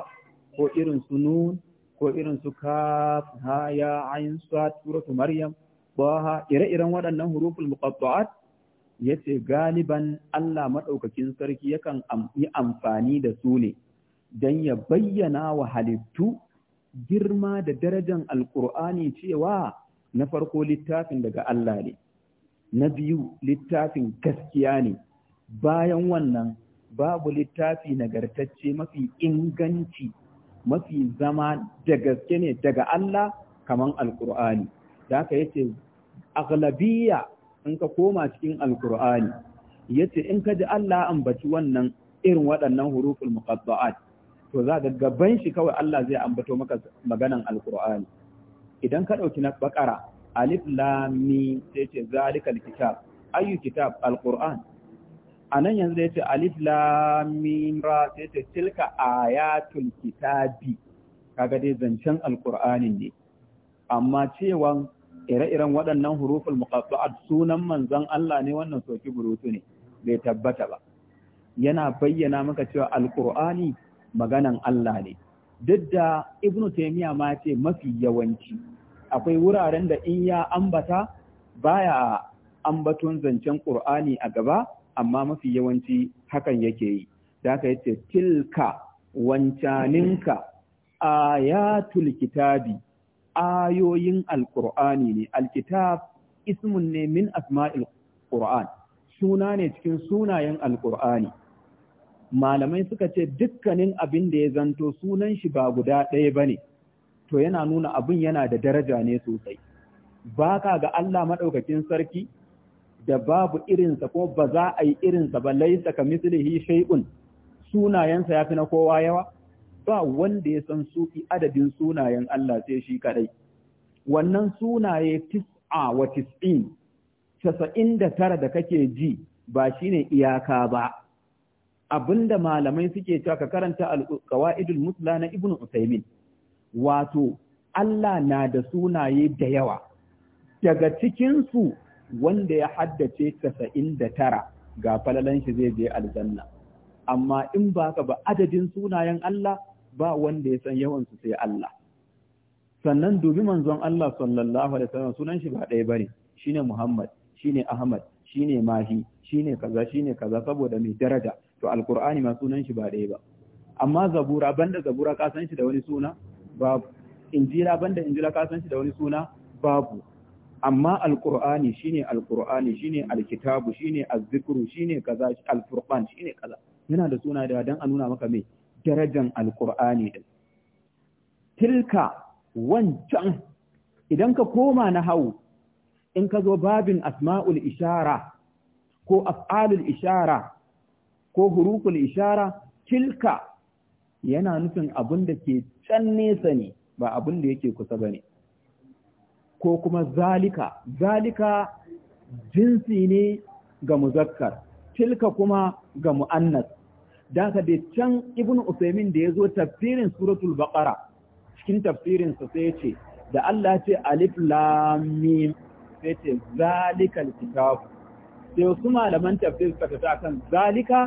[SPEAKER 1] ko irin su nun ko irin su kaf ha ya ayn sad suratu maryam baha ire-iren waɗannan huruful muqatta'at yace galiban Allah madaukakin sarki yakan yi amfani da su ne don ya bayyana wa halittu girma da darajan alkur'ani cewa na farko littafin daga Allah ne, na biyu littafin gaskiya ne, bayan wannan babu littafi nagartacce mafi inganci mafi zama da gaske ne daga Allah kaman alkur'ani Da aka yace aglabiya in ka koma cikin alkur'ani yace in ka ji Allah ambaci wannan irin waɗannan hurufin muqadda'at to za ga gaban shi kawai Allah zai ambato maka maganan alkur'ani idan ka ɗauki na bakara alif lami sai ce zalikal kitab ayu kitab alkur'an anan yanzu da ce alif mim ra sai ce tilka ayatul kitabi kaga dai zancen alkur'anin ne amma cewan ire-iren waɗannan huruful muqatta'at sunan manzon Allah ne wannan soki burutu ne bai tabbata ba yana bayyana maka cewa alkur'ani maganan Allah ne duk da Ibn Taymiyyah ma ce mafi yawanci akwai wuraren da in ya ambata baya ambaton zancen qur'ani a gaba amma mafi yawanci hakan yake yi da aka yace tilka wancaninka ayatul kitabi ayoyin alqur'ani ne alkitab ismun ne min asma'il qur'an suna ne cikin sunayen alqur'ani malamai suka ce dukkanin abin da ya zanto sunan shi ba guda ɗaya ba ne, to yana nuna abin yana da daraja ne sosai. Ba ka ga Allah maɗaukakin sarki da babu irinsa ko ba za a yi irinsa ba laisa ka mislihi shay'un sunayensa ya fi na kowa yawa, ba wanda ya san suki adadin sunayen Allah sai shi kaɗai. Wannan sunaye tis'a wa tis'in, casa'in da tara da kake ji ba shi ne iyaka ba. abinda malamai suke cewa ka karanta al-qawaidul musla na ibnu usaymin wato Allah na da sunaye da yawa daga cikin su wanda ya haddace 99 ga falalan shi zai je aljanna amma in ba ka ba adadin sunayen Allah ba wanda ya san yawan su sai Allah sannan dubi manzon Allah sallallahu alaihi wasallam sunan shi ba ɗaya bane shine Muhammad shine Ahmad shine Mahi shine kaza shine kaza saboda mai daraja to alqur'ani ma sunan shi ba ɗaya ba amma zabura banda zabura ka san shi da wani suna babu injila banda injila ka san shi da wani suna babu amma alqur'ani shine alqur'ani shine alkitabu shine azzikru shine kaza alfurqan shine kaza yana da suna da dan a nuna maka me darajan alqur'ani din tilka wancan idan ka koma na hau in ka zo babin asma'ul ishara ko af'alul ishara ko huruful ishara tilka yana nufin abin da ke can nesa ne ba abin da yake kusa ba ne ko kuma zalika zalika jinsi ne ga muzakkar tilka kuma ga mu'annas da ka da can ibn usaimin da ya zo tafsirin suratul baqara cikin tafsirin sa sai ce da Allah ce alif lam mim sai ce zalikal kitab sai wasu malaman tafsir suka ta kan zalika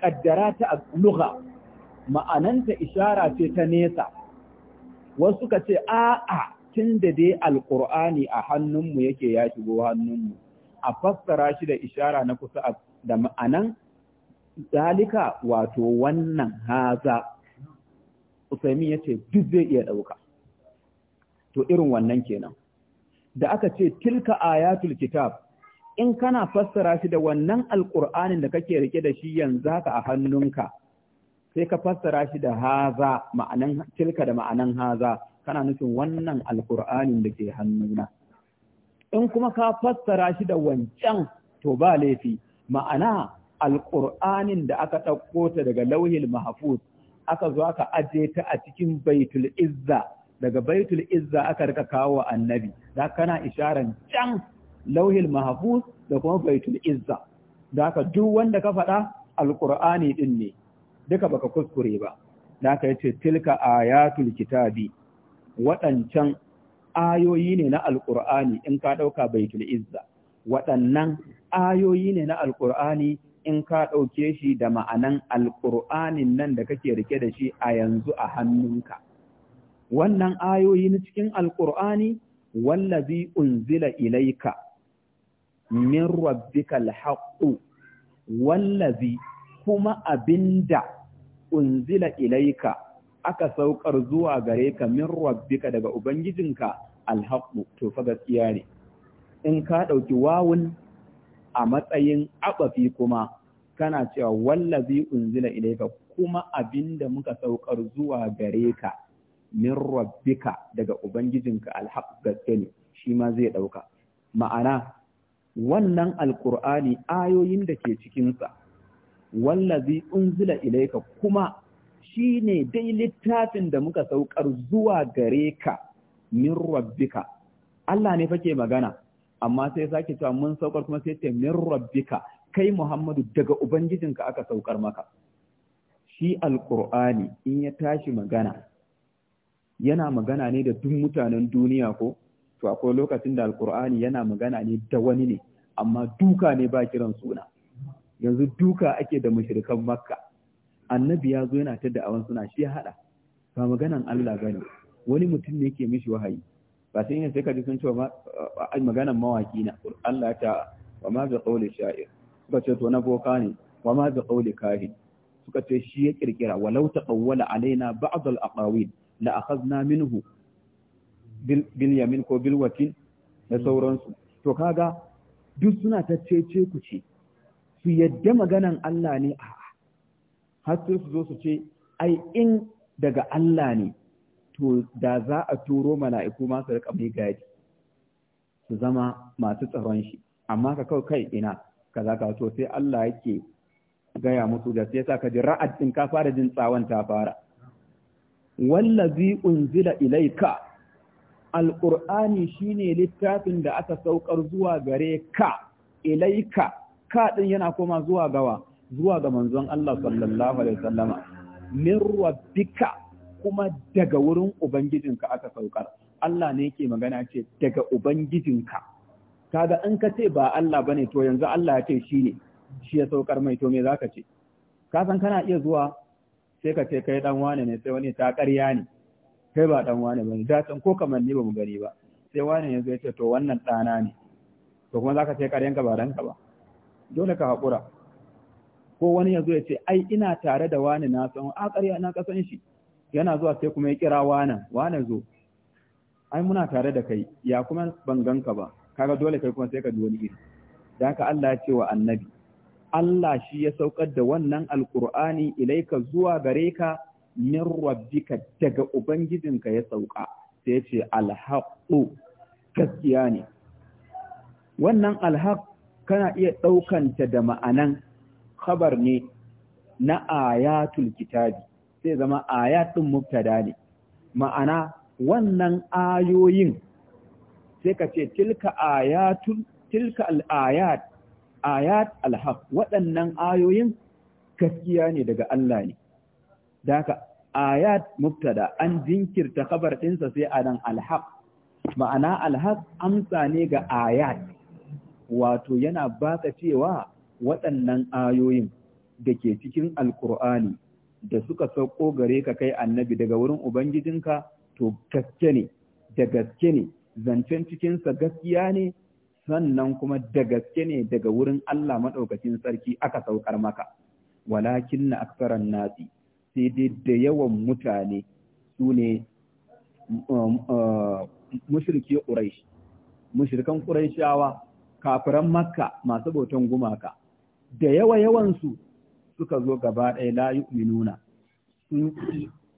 [SPEAKER 1] kaddara ta a lugha ma'ananta ishara ce ta nesa wasu ka ce a'a tun da dai Alƙur'ani a hannunmu yake ya shigo hannunmu a fassara shi da ishara na kusa da ma'anan dalika wato wannan haza usaimi ya ce duk zai iya ɗauka to irin wannan kenan da aka ce tilka ayatul kitab in kana fassara shi da wannan alƙur'anin da kake rike da shi yanzu haka a hannunka sai ka fassara shi da haza ma'anan tilka da ma'anan haza kana nufin wannan alƙur'anin da ke hannuna in kuma ka fassara shi da wancan to ba laifi ma'ana alƙur'anin da aka ɗauko ta daga lauhil mahfuz aka zo aka aje ta a cikin baitul izza daga baitul izza aka rika kawo annabi da kana isharan can lauhil mahfuz da kuma baitul izza da haka duk wanda ka faɗa Alƙur'ani din ne duka baka kuskure ba da haka yace tilka ayatul kitabi waɗancan ayoyi ne na alqur'ani in ka ɗauka baitul izza waɗannan ayoyi ne na alqur'ani in ka ɗauke shi da ma'anan alƙur'anin nan da kake rike da shi a yanzu a hannunka. Wannan ayoyi na cikin alƙur'ani wallazi unzila ilaika min rabbika haqqu wallazi kuma abinda unzila ilaika aka saukar zuwa gare ka min rabbika daga ubangijinka alhaqqu to fa gaskiya ne in ka dauki wawun a matsayin abafi kuma kana cewa wallazi unzila ilaika kuma abinda muka saukar zuwa gare ka min rabbika daga ubangijinka alhaq gaske ne shi ma zai dauka ma'ana wannan alkur'ani ayoyin da ke cikinsa wallazi unzila ilaika kuma shine dai littafin da muka saukar zuwa gare ka min rabbika Allah ne fake magana amma sai sake cewa mun saukar kuma sai ce min rabbika kai Muhammadu daga ubangijinka aka saukar maka shi alkur'ani in ya tashi magana yana magana ne da duk mutanen duniya ko to akwai lokacin da alkur'ani yana magana ne da wani ne amma duka ne ba kiran suna yanzu duka ake da mushrikan makka annabi ya zo yana ta da'awan suna shi ya hada ba maganan Allah bane wani mutum ne yake mishi wahayi ba sai yanzu sai ka ji sun ce maganan mawaki na Allah ta wa ma bi qawli sha'ir suka ce to na boka ne wa ma bi qawli kahin suka ce shi ya kirkira walau ta ƙawwala alaina ba'd al-aqawil la akhadna minhu bil yamin ko bil watin da hmm. sauransu to kaga duk suna ta cece ku ce su yadda maganan Allah ne a har sai su zo su ce ai in daga Allah ne to da za a turo mala'iku ma su rika mai gadi su zama masu tsaron shi amma ka kawai kai ina kaza ka to sai Allah yake gaya musu da sai ka ji ra'ad din ka fara jin tsawon ta fara wallazi unzila ilaika shi shine littafin da aka saukar zuwa gare ka ilaika ka ɗin yana koma zuwa gawa zuwa ga manzon Allah sallallahu alaihi wasallama min rabbika kuma daga wurin ubangijinka aka saukar Allah ne ke magana ce daga ubangijinka kaga in ka ce ba Allah bane to yanzu Allah ya ce shine shi ya saukar mai to me zaka ce ka san kana iya zuwa sai ka ce kai dan wane ne sai wani ta ƙarya ne kai ba dan wani bane da can ko kamar ni ba mu gani ba sai wani yanzu ya ce to wannan dana ne to kuma zaka ce ƙaryanka ba ranka ba dole ka haƙura ko wani yanzu ya ce ai ina tare da wani na san a ƙarya na kasan shi yana zuwa sai kuma ya kira wane wane zo ai muna tare da kai ya kuma ban ganka ba kaga dole kai kuma sai ka ji wani iri da haka Allah ya ce wa annabi Allah shi ya saukar da wannan alqur'ani ilaika zuwa gare ka min rabbika daga ubangijinka ya sauka sai ya ce alhaqu gaskiya ne wannan alhaq kana iya ɗaukanta da ma'anan khabar ne na ayatul kitabi sai zama ayatun mubtada ne ma'ana wannan ayoyin sai ka ce tilka ayatul tilka al’ayat, ayat waɗannan ayoyin gaskiya ne daga Allah ne Daka ayat mubtada an jinkirta khabar ɗinsa sai anan nan alhaq ma'ana alhaq amsa ne ga ayat wato yana baka cewa waɗannan ayoyin da ke cikin alkur'ani da suka sauko gare ka kai annabi daga wurin ubangijinka to gaske ne da gaske ne zancen cikinsa gaskiya ne sannan kuma da gaske ne daga wurin Allah maɗaukacin sarki aka saukar maka walakin na aksaran nasi sai dai da yawan mutane su ne um, uh, mushriki ƙuraish mushrikan ƙuraishawa kafiran makka masu bautan gumaka da yawa yawansu suka zo gaba ɗaya la yu'minuna sun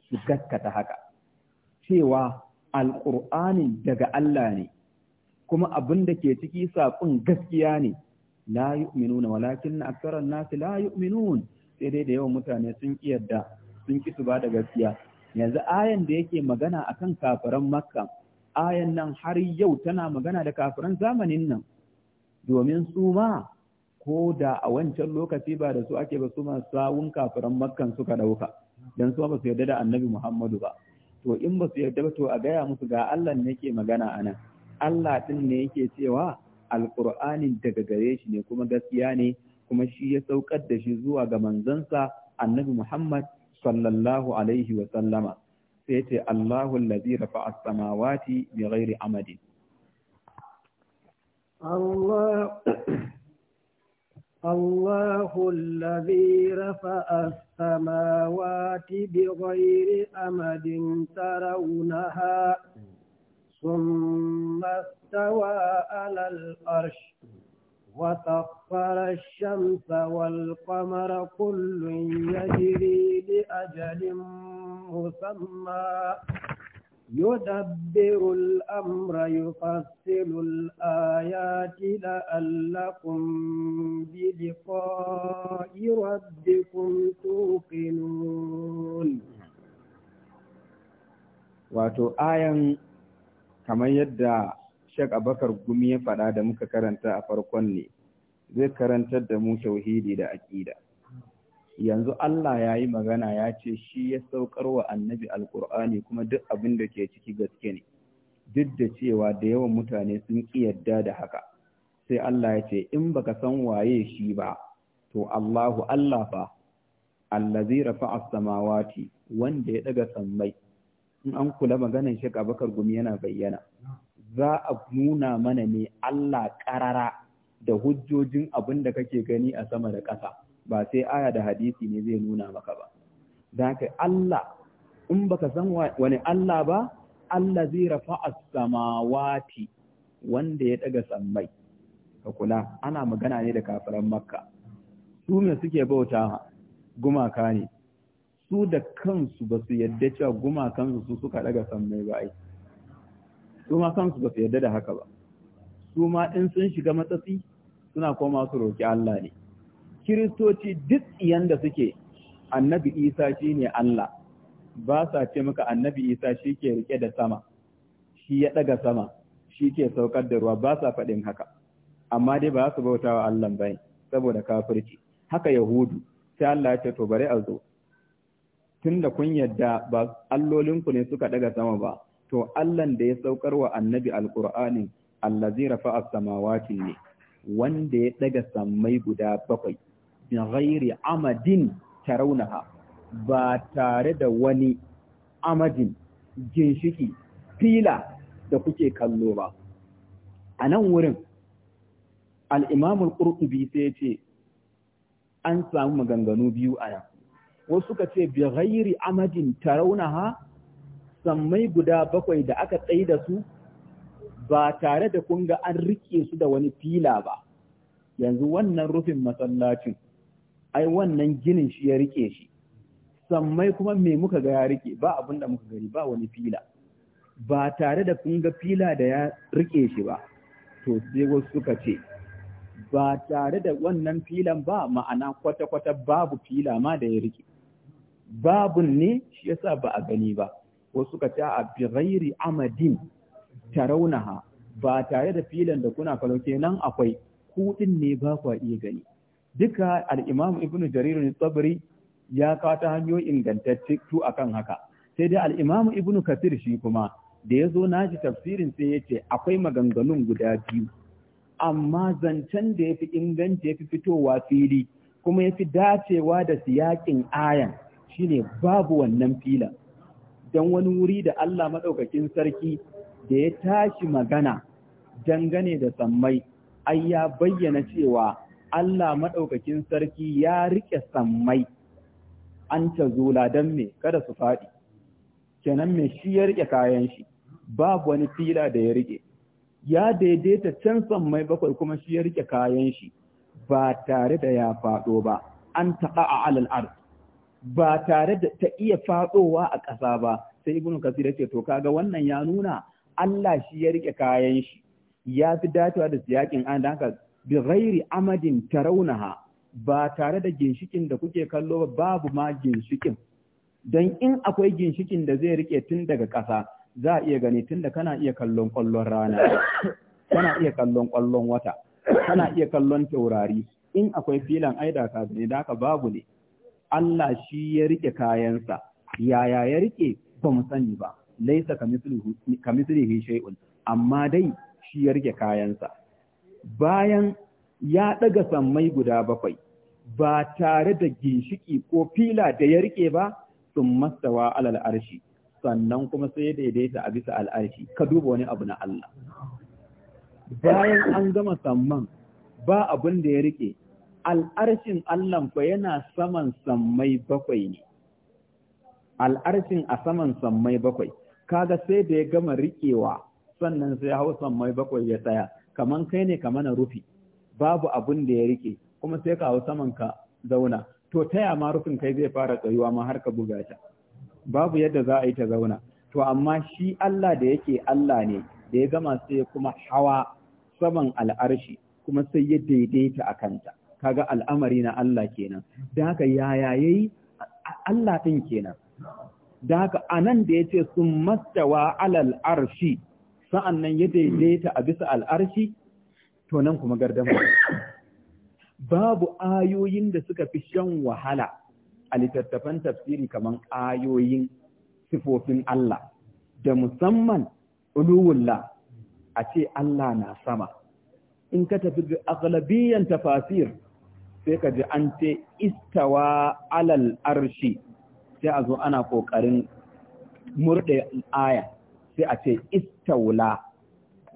[SPEAKER 1] su gaskata haka cewa alƙur'ani daga Allah ne kuma abin da ke ciki saƙon gaskiya ne la yu'minuna walakin aktharan nasi la yu'minun sai dai da yawan mutane sun ƙi yarda. sun ki su ba da gaskiya yanzu ayan da yake magana akan kafiran makka ayan nan har yau tana magana da kafiran zamanin nan domin su ma ko da a wancan lokaci ba da su ake ba su ma sawun kafiran makkan suka dauka don su ba su yarda da annabi Muhammadu ba to in ba su yarda ba to a gaya musu ga Allah ne yake magana anan Allah din ne yake cewa alqur'anin daga gare shi ne kuma gaskiya ne kuma shi ya saukar da shi zuwa ga manzansa annabi Muhammad sallallahu alaihi wa sallama sai ce Allahu allazi rafa'a as-samawati bi ghairi amadin Allah الله الذي رفع السماوات بغير ثم استوى على الأرش وسخر الشمس والقمر كل يجري لأجل مسمى يدبر الأمر يفصل الآيات لألكم بلقاء ربكم توقنون wato ayan kamar yadda Sheikh Abakar Gumi ya faɗa da muka karanta a farkon ne zai karantar da mu tauhidi da aƙida. Yanzu Allah ya yi magana ya ce shi ya saukar wa annabi alƙur'ani kuma duk abin da ke ciki gaske ne, duk da cewa da yawan mutane sun ƙi yadda da haka. Sai Allah ya ce, in baka san waye shi ba, to Allahu Allah fa, allazi rafa'a samawati wanda ya daga sammai. In an kula maganan Sheikh Abakar Gumi yana bayyana. za a nuna mana ne Allah ƙarara da hujjojin abin da kake gani a sama da ƙasa ba sai aya da hadisi ne zai nuna maka ba za ka Allah in baka san wani Allah ba Allah zai rafa as-samawati wanda ya ɗaga sammai ka kula ana magana ne da kafiran makka su ne suke bauta gumaka ne su da kansu ba su yadda cewa gumakansu su suka ɗaga sammai ba ai su ma kansu ba su yarda da haka ba su ma in sun shiga matsatsi suna koma su roki Allah ne kiristoci duk da suke annabi isa shi ne Allah ba sa ce maka annabi isa shi ke rike da sama shi ya daga sama shi ke saukar da ruwa ba sa faɗin haka amma dai ba su bauta wa Allah bai saboda kafirci haka yahudu sai Allah ya ce to bari a zo tunda kun yadda ba allolinku ne suka daga sama ba to allah da ya saukar wa annabi Allah allazi rafa'a samawati ne wanda ya daga sammai guda bakwai bi ghairi amadin taraunaha ba tare da wani amadin ginshiki fila da kuke kallo ba a nan wurin al-imam al-qurtubi sai ce an samu maganganu biyu a nan wasu suka ce bi ghairi amadin taraunaha sammai guda bakwai da aka tsaye da su ba tare da kun an rike su da wani fila ba yanzu wannan rufin masallacin ai wannan ginin shi ya rike shi sammai kuma me muka ga ya rike ba abin da muka gari ba wani fila ba tare da kun fila da ya rike shi ba to sai wasu suka ce ba tare da wannan filan ba ma'ana kwata-kwata babu fila ma da ya rike babun ne shi yasa ba a gani ba ko suka ce a bi ghairi amadin tarawnaha ba tare da filan da kuna kallo kenan akwai kudin ne ba kwa iya gani duka al-Imam Ibn Jarir al-Tabari ya kawo ta hanyoyi ingantattu akan haka sai dai al-Imam Ibn Kathir shi kuma da ya zo naji tafsirin sai yace akwai maganganun guda biyu amma zancen da ya fi inganci ya fi fitowa fili kuma ya fi dacewa da siyakin ayan shine babu wannan filan don wani wuri da Allah maɗaukakin sarki da ya tashi magana dangane da sammai, ai ya bayyana cewa Allah maɗaukakin sarki ya riƙe sammai an ta zula don me kada su faɗi, kenan me shi ya riƙe kayan shi, babu wani fila da ya riƙe. Ya daidaita can sammai bakwai kuma shi ya riƙe kayan shi ba tare da ya faɗo ba, an taƙa a alal arz. ba tare da ta iya faɗowa a ƙasa ba sai ibnu kasir yace to kaga wannan ya nuna Allah shi ya rike kayan shi ya fi dacewa da siyakin an haka bi ghairi amadin tarawnaha ba tare da ginshikin da kuke kallo ba babu ma ginshikin dan in akwai ginshikin da zai rike tun daga ƙasa za a iya gani tun da kana iya kallon kwallon rana kana iya kallon kwallon wata kana iya kallon taurari in akwai filan aida ka gani da haka babu ne Allah shi ya rike kayansa yaya ya rike ba mu sani ba laisa kamislihi shay'un amma dai shi ya rike kayansa bayan ya ɗaga sammai guda bakwai ba tare da ginshiki ko fila da ya rike ba sun mastawa alal arshi sannan kuma sai ya daidaita a bisa al'arshi ka duba wani abu na Allah bayan an gama samman ba abin da ya rike al'arshin Allah ko yana saman sammai bakwai ne al'arshin a saman sammai bakwai kaga sai da ya gama riƙewa sannan sai hau sammai bakwai ya tsaya kaman kai ne kamana rufi babu abun da ya rike kuma sai ka hau saman ka zauna to taya ma rufin kai zai fara tsayuwa ma har ka buga ta babu yadda za a yi ta zauna to amma shi Allah da yake Allah ne da ya gama sai kuma hawa saman al'arshi kuma sai ya daidaita a kanta kaga al'amari na Allah kenan da haka yaya yayi Allah din kenan da haka anan da yace sun mastawa alal arshi sa'annan ya daidaita a bisa arshi to nan kuma gardama babu ayoyin da suka fi shan wahala a littattafan tafsiri kaman ayoyin sifofin Allah da musamman uluwullah a ce Allah na sama in ka tafi aglabiyan tafasir sai ka ji an ce istawa alal arshi sai a zo ana ƙoƙarin murɗe aya sai a ce istaula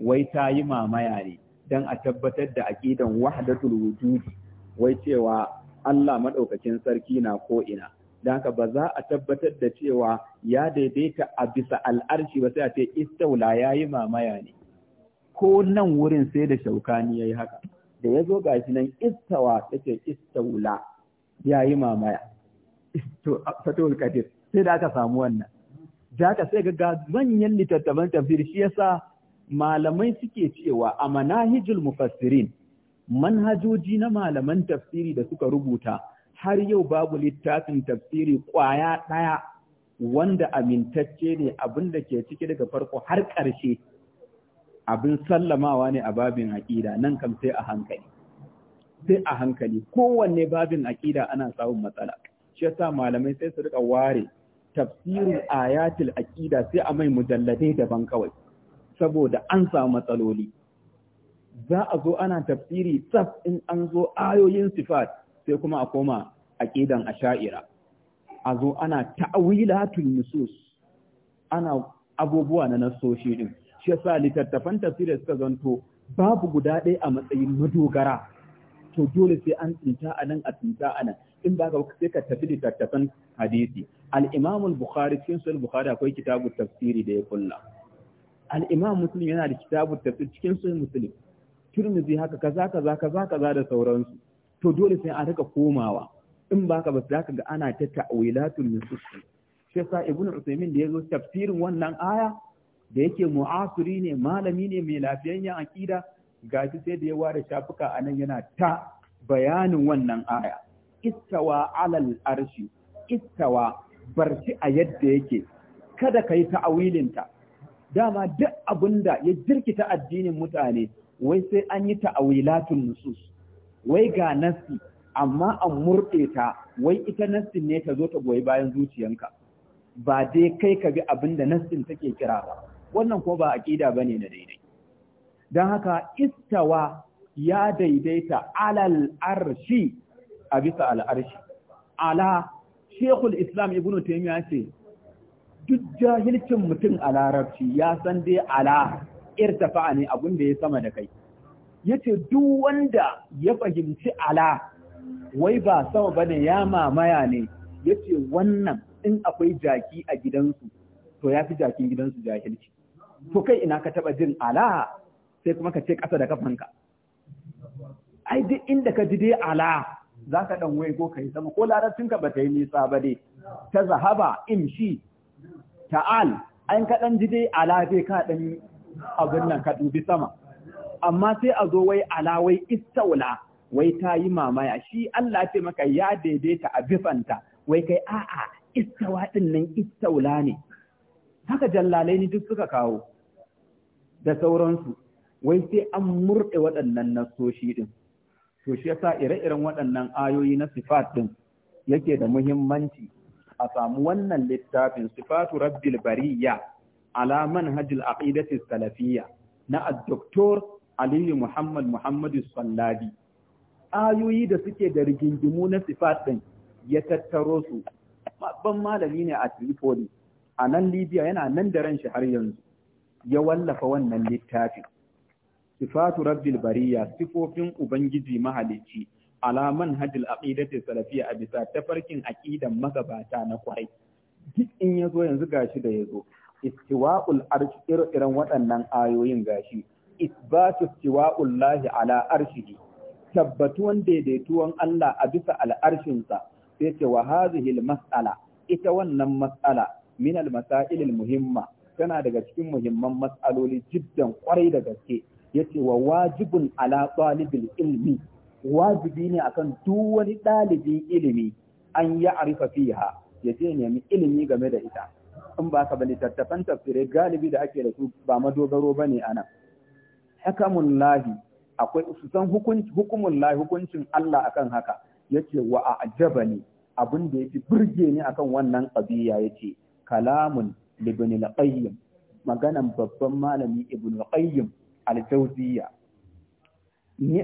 [SPEAKER 1] wai ta yi mamaya ne don a tabbatar da aƙidan wahadatul wujudi wai cewa Allah maɗaukakin sarki na ko'ina don haka ba za a tabbatar da cewa ya daidaita a bisa al'arshi ba sai a ce istawla ya yi mamaya ne ko nan wurin sai da shaukani ya yi haka da ya zo shi nan istawa take istawla ya yi mamaya fatul kadir sai da aka samu wannan da aka sai ga manyan littattafan tafsir shi yasa malamai suke cewa a manahijul mufassirin manhajoji na malaman tafsiri da suka rubuta har yau babu littafin tafsiri kwaya ɗaya wanda amintacce ne abin da ke cike daga farko har ƙarshe abin sallamawa ne a babin aƙida nan kam sai a hankali sai a hankali kowanne babin aƙida ana samun matsala shi yasa malamai sai su rika ware tafsirin ayatul aƙida sai a mai mujalladai daban kawai saboda an samu matsaloli za a zo ana tafsiri tsaf in an zo ayoyin sifat sai kuma a koma aqidan asha'ira a zo ana ta'wilatul nusus ana abubuwa na nasoshi din shi yasa littattafan tafsiri suka zanto babu guda ɗaya a matsayin madogara to dole sai an tsinta a nan a tsinta a nan in ba ka sai ka tafi littattafan hadisi al-imam al-bukhari cikin sunan bukhari akwai kitabu tafsiri da ya kulla al-imam muslim yana da kitabu tafsir cikin sunan muslim tirmidhi haka kaza kaza kaza kaza da sauransu to dole sai an rika komawa in ba ka ba za ka ga ana ta ta'wilatul nusus shi yasa ibnu usaymin da yazo tafsirin wannan aya da yake mu'asiri ne malami ne mai lafiyayyen aƙida shi sai da ya ware shafuka a nan yana ta bayanin wannan aya istawa alal arshi istawa barci a yadda yake kada ka yi ta'awilinta dama duk abinda ya jirkita addinin mutane wai sai an yi ta'awilatun nusus wai ga nassi amma an murɗe ta wai ita nassin ne ta zo ta goyi bayan zuciyanka ba dai kai ka bi abinda nassin take kira ba wannan ko ba aqida bane na daidai dan haka istawa ya daidaita alal arshi a bisa al arshi ala shekul islam ibnu taymiya ce duk jahilcin mutum a larabci ya san dai ala irtafa ne abin da ya sama da kai yace duk wanda ya fahimci ala wai ba sama bane ya mamaya ne yace wannan in akwai jaki a gidansu to ya fi jakin gidansu jahilci to kai ina ka taba jin ala sai kuma ka ce ƙasa da kafanka ai duk inda ka ji dai ala za ka ɗan waigo ka yi sama ko larabcinka ba ta yi nisa ba dai ta zahaba imshi ta'al an ka dan ji dai ala zai ka dan abin nan ka dubi sama amma sai a zo wai ala wai istaula wai ta yi mamaya shi Allah ce maka ya daidaita a bifanta wai kai a'a istawa ɗin nan istaula ne haka jallalai ni duk suka kawo da sauransu wai sai an murɗe waɗannan nasoshi ɗin to shi yasa ire-iren waɗannan ayoyi na sifat ɗin yake da muhimmanci a samu wannan littafin sifatu rabbil bariya ala manhajil aqidati salafiyya na ad-doktor Aliyu Muhammad Muhammadu Sallabi ayoyi da suke da rigingimu na sifat ɗin ya tattaro su babban malami ne a Tripoli a nan Libya yana nan da ran shi har yanzu ya wallafa wannan littafin sifatu rabbil bariya sifofin ubangiji mahalicci ala manhajil aqidati salafiyya a bisa tafarkin aqidan magabata na kwarai duk in yazo yanzu gashi da yazo istiwa'ul arshi irin waɗannan ayoyin gashi isbatu istiwa'ul lahi ala arshihi tabbatuwan daidaituwan Allah a bisa al'arshinsa sai ce wa hadhihi mas'ala ita wannan mas'ala min al masailil muhimma tana daga cikin muhimman matsaloli jiddan kwarai da gaske Ya ce wa wajibin ala ɗalibin ilmi wajibi ne akan duk wani ɗalibin ilimi an yi arifa fiha ya je nemi ilimi game da ita in ba ka ba tattafan tafsirai galibi da ake da su ba madogaro ba ne anan hakamun lahi akwai su san hukumun lahi hukuncin Allah akan haka Ya ce wa ne. abin da ya fi burge ni akan wannan ya yace kalamun ibn al-qayyim maganan babban malami ibn al-qayyim al-jawziyya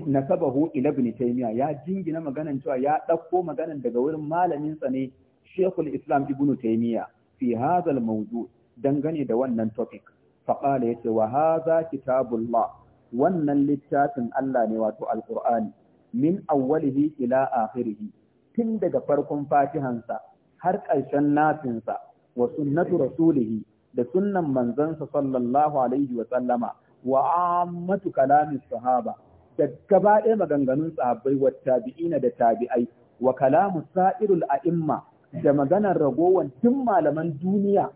[SPEAKER 1] nasabahu ila ibn taymiya ya jingina maganan cewa ya dauko maganan daga wurin malamin sa ne shaykhul islam ibn taymiya fi hadha al-mawdu dangane da wannan topic faqala yace wa hadha kitabullah wannan littafin Allah ne wato Alkur'ani. min awwalihi ila akhirih tun daga farkon fatihansa har ƙarshen nafinsa wa sunnatu rasulihi da sunnan manzansa sallallahu alaihi wa sallama wa ammatu kalamin sahaba da gaba ɗaya maganganun sahabbai wa tabi'ina da tabi'ai wa kalamu sa'irul a'imma da maganar ragowan duk malaman duniya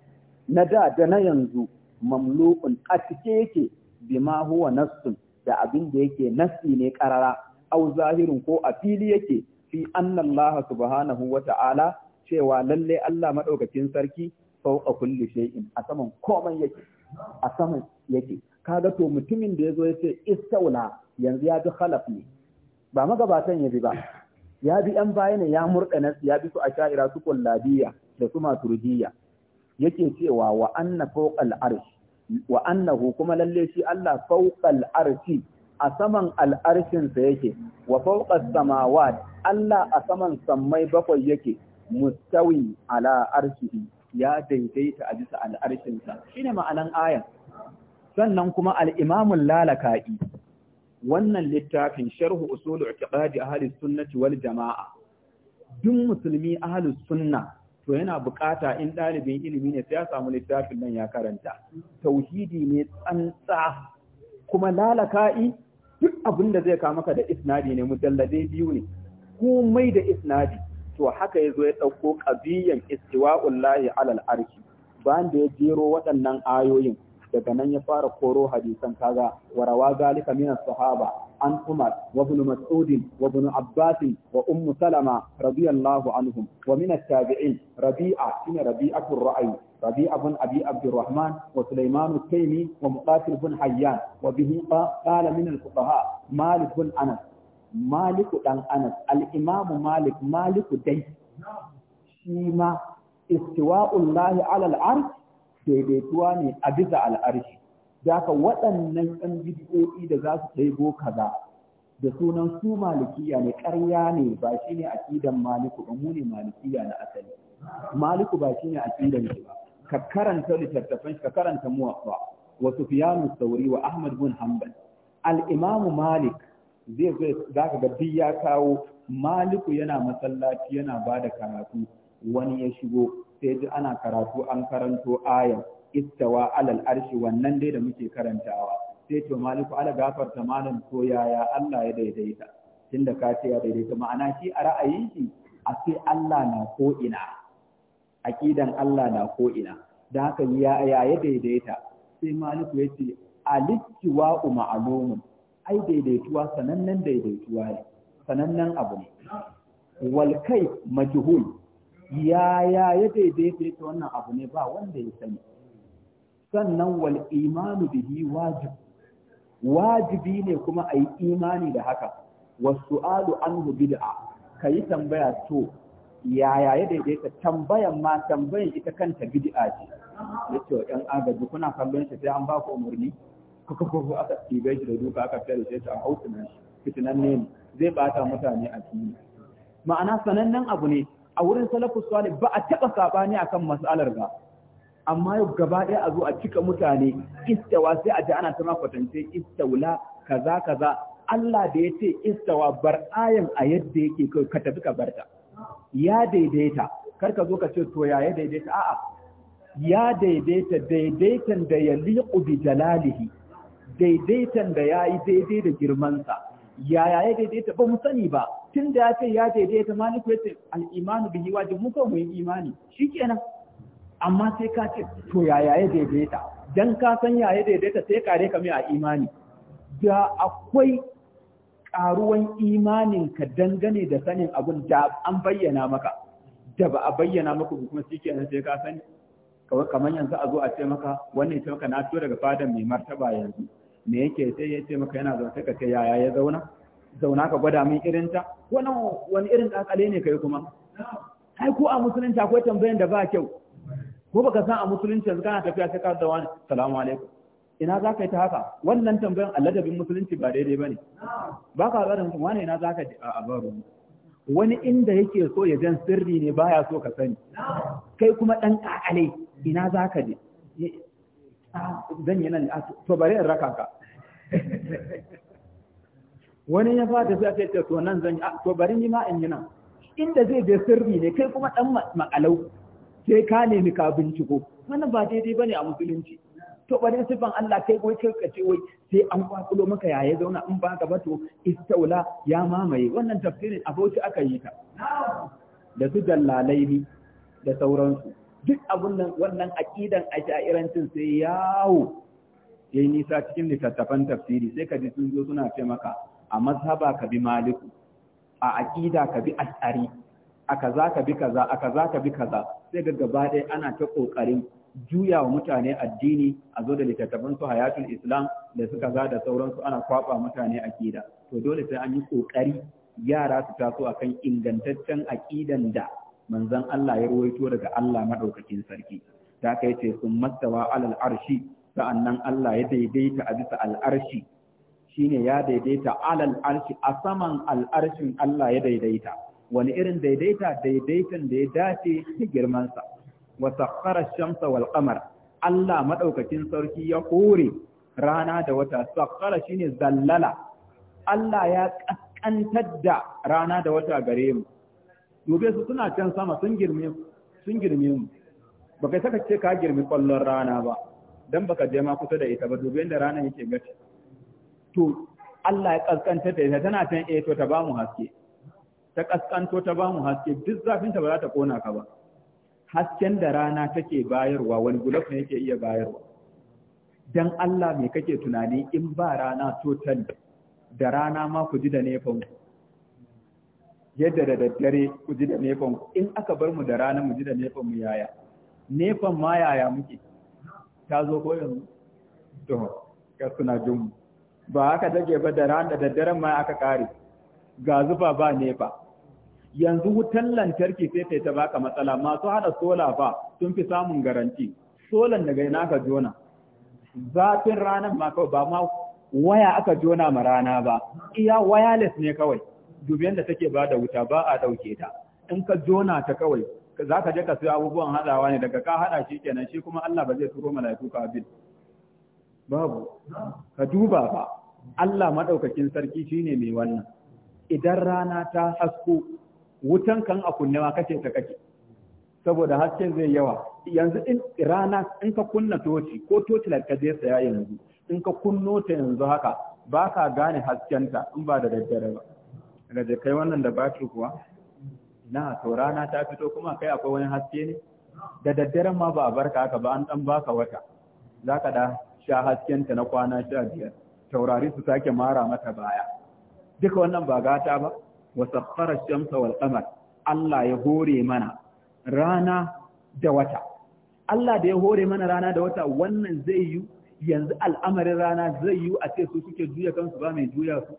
[SPEAKER 1] na da da na yanzu mamlukun a cike yake bima huwa nassun da abin da yake nassi ne karara au zahirin ko a fili yake fi Annallahu subhanahu wa ta'ala cewa lalle Allah madaukakin sarki a kulli shay'in a saman komai yake a saman yake kaga to mutumin da ya zo ya ce istaula yanzu ya bi khalaf ne ba magabatan ya bi ba ya bi yan baya ne ya murda nas ya bi su a sha'ira, su kullabiyya da su maturidiyya yake cewa wa anna fawqal arsh wa annahu kuma lalle shi Allah fawqal arshi a saman al'arshinsa yake, wa fawqas samawat, Allah a saman sammai bakwai yake, mustawi ala arshihi ya daidaita a bisa al'arshinsa shine ma'anan ayan sannan kuma al lalaka'i wannan littafin sharhu usul i'tiqadi ahli sunnati wal jama'a duk musulmi ahli sunna to yana bukata in dalibin ilimi ne sai ya samu littafin nan ya karanta tauhidi ne tsantsa kuma lalaka'i duk abinda zai kama maka da isnadi ne mujalladai biyu ne komai da isnadi to haka ya zo ya ɗauko ƙabiyan istiwa'ullahi alal arki bayan da ya jero waɗannan ayoyin daga nan ya fara koro hadisan kaga warawa galika min sahaba an umar wa ibn mas'ud wa ibn abbas wa ummu salama radiyallahu anhum wa min at-tabi'in rabi'a shine rabi'atu ra'i rabi'a ibn abi abdurrahman wa sulaiman at-taymi wa muqatil ibn hayyan wa bihi qala min al-fuqaha malik ibn anas maliku dan anas al-imamu malik maliku dai shi ma istiwa'ullahi alal arsh daidaituwa ne a bisa al'arshi daga waɗannan ɗan bidiyoyi da za su ɗaibo kaza da sunan su malikiya ne ƙarya ne ba shi ne aƙidan maliku ba mu ne malikiya na asali maliku ba shi ne aƙidan shi ba ka karanta littattafan shi ka karanta muwaffa wa sufyanu sauri wa ahmad bin hanbal al-imam malik zai zai za ka ga duk ya kawo maliku yana masallaci yana ba da karatu wani ya shigo sai ji ana karatu an karanto ayan istawa alal arshi wannan dai da muke karantawa sai to maliku ala gafarta malam ko yaya Allah ya daidaita tunda ka ce ya daidaita ma'ana shi a ra'ayinki shi a ce Allah na ko ina aqidan Allah na ko ina da haka ya ya daidaita sai maliku yace alistiwa ma'lumun ai daidaituwa sanannen daidaituwa ne sanannen abu ne wal kai majhul ya ya ya daidaita wannan abu ne ba wanda ya sani sannan wal imanu bihi wajib wajibi ne kuma a yi imani da haka wasu'alu anhu bid'a ka yi tambaya to ya ya ya daidaita tambayan ma tambayan ita kanta bid'a ce ya ce agaji kuna kallon shi sai an ba ku umarni kuka ko aka ɗibe shi da duka aka fiye da shi a na shi fitinan ne zai bata mutane a fili ma'ana sanannen abu ne a wurin salafu salih ba a taɓa saɓani akan matsalar ba amma yau gaba ɗaya a zo a cika mutane istawa sai a ji ana ta kwatance istawla kaza kaza Allah da ya ce istawa bar ayan a yadda yake ka tafi ka barta ya daidaita kar ka zo ka ce to ya daidaita a'a ya daidaita daidaitan da ya liƙu bi jalalihi daidaitan da ya yi daidai da girmansa yaya ya daidaita ba mu sani ba tun da ya ce ya daidaita ma ni kwace al'imanu bihi wajib muka mu yi imani shikenan amma sai ka ce to yaya ya daidaita dan ka san yaya daidaita sai kare ka mai a imani da akwai karuwan imanin ka dangane da sanin abun da an bayyana maka da ba a bayyana maka kuma shikenan sai ka sani kamar yanzu a zo a ce maka wannan ce maka na fito daga fadan mai martaba yanzu me yake sai ya ce maka yana zaune ka ce yaya ya zauna zauna ka gwada min irin ta wani wani irin kakale ne kai kuma ai ko a musulunci akwai tambayan da ba kyau ko baka san a musulunci yanzu kana tafiya sai ka da wani salamu alaikum ina za ka yi ta haka wannan tambayan alladabin musulunci ba daidai bane ba ka tsarin wani ina za ka a baro wani inda yake so ya jan sirri ne baya so ka sani kai kuma dan kakale ina za ka je zan yi nan to bari in raka ka wani ya fata sai ake ce to nan zan yi ah, to bari ni ma in yi nan inda zai je sirri ne kai kuma dan makalau sai ka nemi ka binciko wannan ba daidai bane a musulunci to bari sifan Allah kai wai kai kace wai sai an kwakulo maka yaya zauna in ba ka ba to istaula ya mamaye wannan tafsirin abauci aka yi ta da su dallalaini da sauransu duk abun nan wannan aqidan a sha'irancin sai yawo yayi nisa cikin littattafan tafsiri sai ka ji sun zo suna ce maka a mazhaba ka bi maliku a aqida ka bi as'ari a kaza ka bi kaza a kaza ka bi kaza sai ga gaba ɗaya ana ta kokarin juya wa mutane addini a zo da littattafan su hayatul islam da suka za da sauransu ana kwaba mutane aqida to dole sai an yi kokari yara su taso akan ingantaccen aqidan da manzon Allah ya ruwaito daga Allah madaukakin sarki ta kai ce sun mastawa alal arshi sa'annan Allah ya daidaita a bisa al'arshi ne ya daidaita alal arshi a saman al'arshin Allah ya daidaita wani irin daidaita daidaitan da ya dace da girmansa wa sakhara shamsa wal Allah maɗaukacin sarki ya kore rana da wata sakhara shine zallala Allah ya ƙasƙantar da rana da wata gare mu dube su suna can sama sun girme sun girme mu baka saka ce ka girme ƙwallon rana ba dan baka je ma kusa da ita ba dubi inda rana yake gaci to Allah ya kaskanta da ita tana tan eh to ta ba mu haske ta kaskanto ta ba mu haske duk zafin ta ba za ta kona ka ba hasken da rana take bayarwa wani gulaf ne yake iya bayarwa dan Allah me kake tunani in ba rana total da rana ma ku ji da nefan yadda da daddare ku ji da nefan in aka bar mu da rana mu ji da nefan mu yaya nefan ma yaya muke ta zo ko yanzu to ka suna jin ba aka dage ba da ran da daddaren ma aka kare ga zufa ba ne ba. yanzu wutan lantarki sai ta ta baka matsala masu hada sola ba sun fi samun garanti solan daga ina ka jona zafin ranar ma kawai ba ma waya aka jona ma rana ba iya wireless ne kawai dubiyan da take ba da wuta ba a dauke ta in ka jona ta kawai za ka je ka sayo abubuwan hadawa ne daga ka hada shi kenan shi kuma Allah ba zai turo mala'iku ka bil. babu ka duba ba Allah madaukakin sarki shine mai wannan idan rana ta hasko wutan kan a kunne ma kace ta kake saboda hasken zai yawa yanzu in rana in ka kunna toci ko toci ka je saya yanzu in ka kunno ta yanzu haka ba ka gane haskenta in ba da daddare ba daga kai wannan da baki kuwa na to rana ta fito kuma kai akwai wani haske ne da daddaren ma ba a barka haka ba an dan baka wata zaka da sha ta na kwana sha biyar taurari su sake mara mata baya duka wannan ba gata ba wa sakhara shamsa wal qamar Allah ya hore mana rana da wata Allah da ya hore mana rana da wata wannan zai yi yanzu al'amarin rana zai yi a ce su suke juya kansu ba mai juya su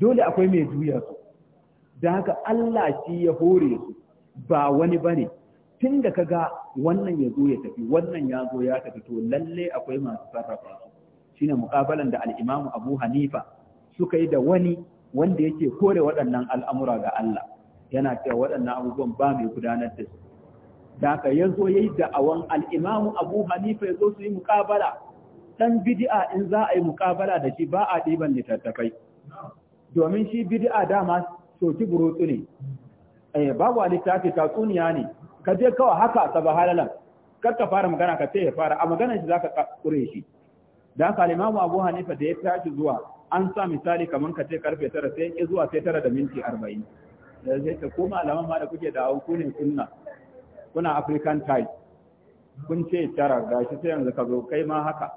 [SPEAKER 1] dole akwai mai juya su da haka Allah shi ya hore su ba wani bane tun da ka ga wannan ya zo ya tafi wannan ya zo ya tafi to lalle akwai masu sarrafa su shine muƙabalan da al-Imam Abu Hanifa suka yi da wani wanda yake kore waɗannan al'amura ga Allah yana cewa waɗannan abubuwan ba mai gudanar da su da ka ya zo ya yi da'awan al-Imam Abu Hanifa ya zo su yi muƙabala dan bid'a in za a yi muƙabala da shi ba a ɗiban littattafai domin shi bid'a dama soki burutsu ne eh babu a littafi tatsuniya ne ka je kawai haka ta halalan. kar ka fara magana ka ce ya fara a magana shi zaka kure shi da haka limamu abu hanifa da ya tashi zuwa an sa misali kamar ka ce karfe tara sai ya zuwa sai tara da minti arba'in da zai ta ko alaman ma da kuke da ku ne sunna kuna african time kun ce tara gashi sai yanzu ka zo kai ma haka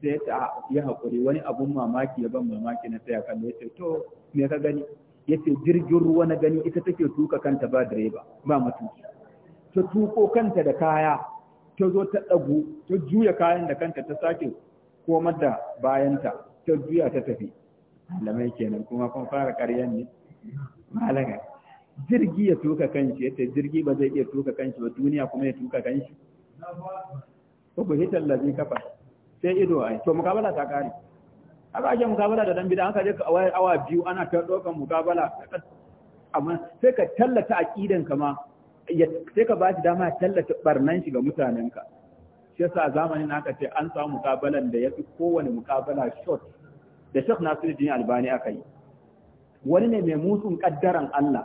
[SPEAKER 1] sai ta ya haƙuri wani abun mamaki ya ban mamaki na tsaya kan ya ce to me ka gani yace jirgin ruwa na gani ita take tuka kanta ba direba ba matuki ta tuko kanta da kaya ta zo ta ɗagu ta juya kayan da kanta ta sake komar da bayanta ta juya ta tafi malamai kenan kuma kun fara ƙaryan ne malaga jirgi ya tuka kanshi yace jirgi ba zai iya tuka kanshi ba duniya kuma ya tuka kanshi ko ku hitar lazi kafa sai ido ai to mukabala ta kare aka ake mukabala da dan haka aka je a awa biyu ana ta ɗaukan mukabala amma sai ka tallata aqidan ka ma sai ka ba shi dama tallata barnan shi ga mutanenka shi yasa zamanin aka ce an samu mukabalan da yafi kowane mukabala short da Sheikh Nasiruddin Albani aka yi wani ne mai musun kaddaran Allah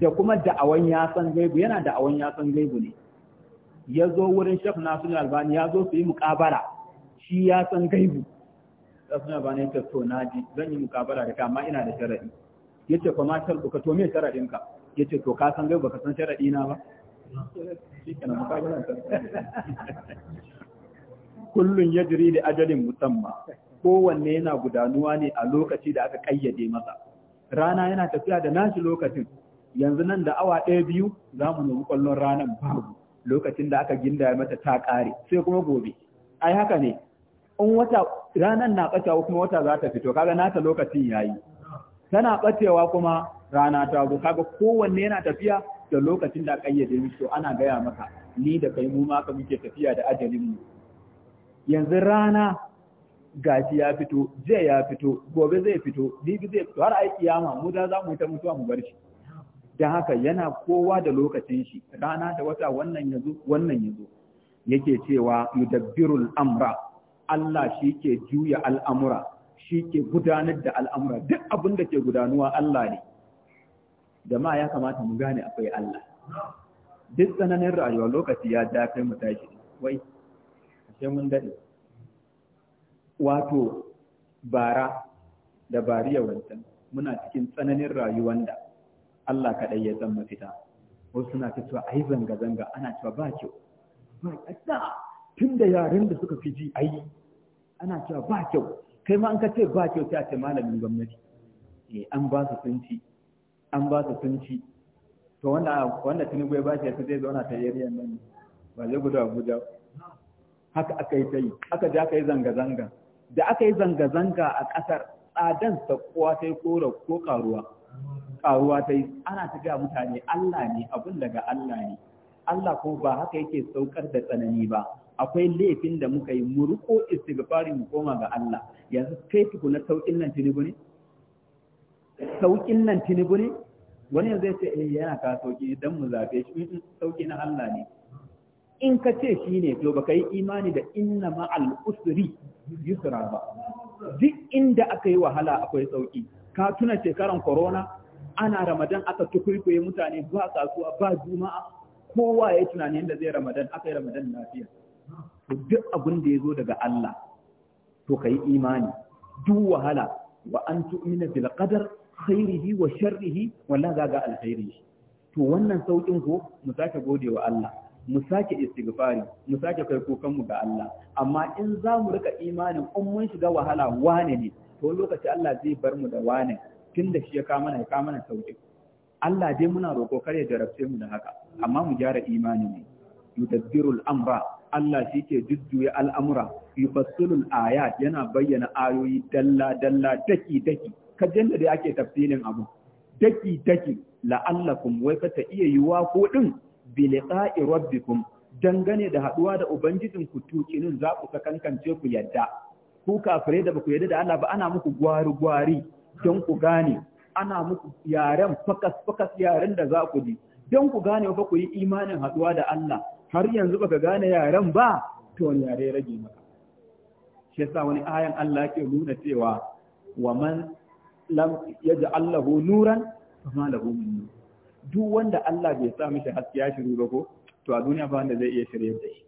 [SPEAKER 1] da kuma da'awan ya san gaibu yana da'awan ya san gaibu ne ya zo wurin Sheikh Nasiruddin Albani ya zo su yi mukabala shi ya san gaibu suna ba ne ta to na ji zan yi mukabala da ka amma ina da sharadi yace ce ma sharku ka to me sharadin ka yace to ka san gai baka san sharadi na ba ya kullun yajri li ajalin musamma kowanne yana gudanuwa ne a lokaci da aka kayyade masa rana yana tafiya da nashi lokacin yanzu nan da awa ɗaya biyu za mu nemi kwallon ranar babu lokacin da aka ginda mata ta ƙare sai kuma gobe ai haka ne in wata ranar na ɓacewa kuma wata za ta fito kaga nata lokacin yayi tana ɓacewa kuma rana ta zo kaga kowanne yana tafiya da lokacin da kayyade mu to ana gaya maka ni da kai mu ma ka muke tafiya da ajalin mu yanzu rana gashi ya fito je ya fito gobe zai fito bibi zai fito har ai kiyama mu da za mu ta mutuwa mu bar shi dan haka yana kowa da lokacin shi rana da wata wannan yazo wannan yazo yake cewa yudabbirul amra Allah shi ke juya al'amura shi ke gudanar da al'amura duk abin da ke gudanuwa Allah ne da ma ya kamata mu gane akwai Allah duk tsananin rayuwa lokaci ya dafe mu tashi wai sai mun daɗe wato bara da bariya wancan muna cikin tsananin rayuwan da Allah kaɗai ya zama fita. wasu suna ta cewa a zanga-zanga ana cewa ba kyau ba tun da yaren da suka fi ji ayi ana cewa ba kyau kai ma an ka ce ba kyau ta ce malamin gwamnati eh an ba su sunci an ba su sunci to wanda wanda tinubu ya ba shi sai zauna ta riyan nan ba zai gudu abuja haka aka yi ta yi aka je aka yi zanga-zanga da aka yi zanga-zanga a ƙasar tsadan sakkuwa ta yi kora ko karuwa karuwa ta yi ana ta ga mutane allah ne abun daga allah ne allah ko ba haka yake saukar da tsanani ba akwai laifin da muka yi mu riko istighfari mu koma ga Allah yanzu kai na saukin nan tinubu ne saukin nan tinubu ne wani yanzu ya ce eh yana ka sauki dan mu zabe shi sauki na Allah ne in ka ce shi ne to baka yi imani da inna ma al usri yusra ba duk inda aka yi wahala akwai sauki ka tuna shekaran corona ana ramadan aka tukurkuye mutane ba kasuwa ba juma'a kowa ya tunanin da zai ramadan aka yi ramadan lafiya to duk abin da ya zo daga Allah to ka yi imani duk wahala wa an tu'mina bil qadar khairihi wa sharrihi walla ga ga alkhairi to wannan saukin ko mu sake gode wa Allah mu sake istighfari mu sake kai kokan mu ga Allah amma in za mu rika imanin in mun shiga wahala wane ne to lokaci Allah zai bar mu da wane tunda shi ya kama mana ya ka mana sauki Allah dai muna roƙo kar ya jarabce mu da haka amma mu gyara imani ne yudabbiru amra Allah shi ke jujjuya al'amura, yi yufassilul ayat yana bayyana ayoyi dalla-dalla daki-daki, Ka janda da ake tafsirin abu, daki-daki la'allakum wai ka ta iya yiwa ko ɗin biliƙa'i rabbikum dangane da haɗuwa da Ubangijin ku tukinin za ku kankance ku yadda. Ku kafire da ba ku yadda da Allah ba ana muku gwari-gwari don ku gane, ana muku yaren fakas-fakas yaren da za ku ji, don ku gane ba ku yi imanin haɗuwa da Allah. har yanzu baka gane yaren ba to wani yare rage maka shi yasa wani ayan Allah ke nuna cewa wa man lam yaj'al nuran fama lahu min duk wanda Allah bai sa mishi haske ya shiru ba ko to a duniya ba wanda zai iya shirye da shi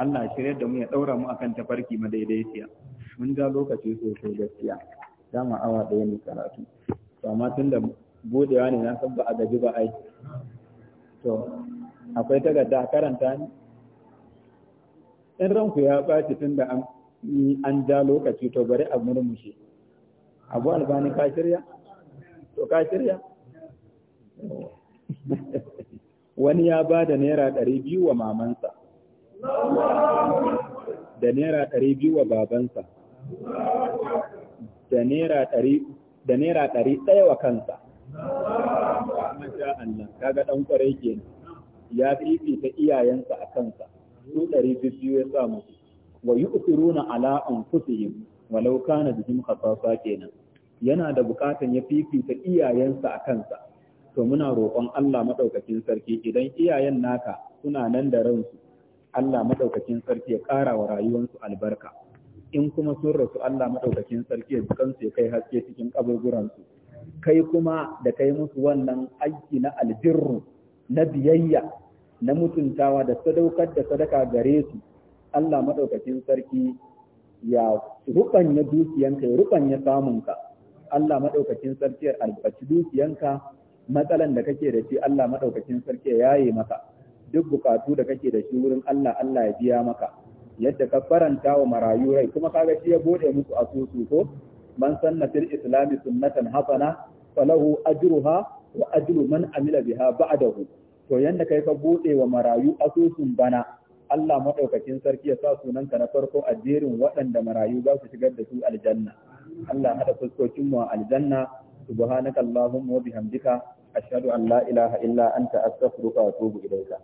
[SPEAKER 1] Allah shirye da mu ya daura mu akan tafarki madaidaiciya mun ga lokaci sosai gaskiya dama awa ɗaya ne karatu to amma tunda budewa ne na san ba a gaji ba ai to akwai takarda karanta ne in ranku ya ɓaci tun da an ja lokaci to bari a murmushe abu albani ka shirya to ka shirya wani ya ba da naira ɗari biyu wa mamansa da naira ɗari biyu wa babansa da naira ɗari ɗaya wa kansa masha Allah kaga ɗan ƙwarai kenan ya fifita iyayensa a kansa su ɗari biyu ya sa musu wa yu'thiruna ala anfusihim walau na bihim khasasa kenan yana da bukatan ya fifita iyayensa a kansa to muna roƙon Allah maɗaukakin sarki idan iyayen naka suna nan da ransu Allah maɗaukakin sarki ya ƙara wa rayuwansu albarka in kuma sun rasu Allah maɗaukakin sarki ya dukansu ya kai haske cikin kaburburansu kai kuma da kai musu wannan aiki na albirru na biyayya na mutuntawa da sadaukar da sadaka gare su Allah madaukakin sarki ya rubanya dukiyanka ya rubanya samunka Allah madaukakin sarki ya albaci dukiyanka matsalan da kake da shi Allah madaukakin sarki ya yaye maka duk bukatu da kake da shi wurin Allah Allah ya biya maka yadda ka faranta wa marayu rai kuma kaga shi ya bude musu asusu ko man sanna fil islami sunnatan hasana falahu ajruha wa ajru man amila biha ba'dahu to yanda kai ka bude wa marayu asusun bana Allah madaukakin sarki ya sa sunanka na farko a jerin waɗanda marayu za su shigar da su aljanna Allah hada fuskokin mu aljanna subhanaka allahumma wa bihamdika ashhadu an la ilaha illa anta astaghfiruka wa atubu ilayka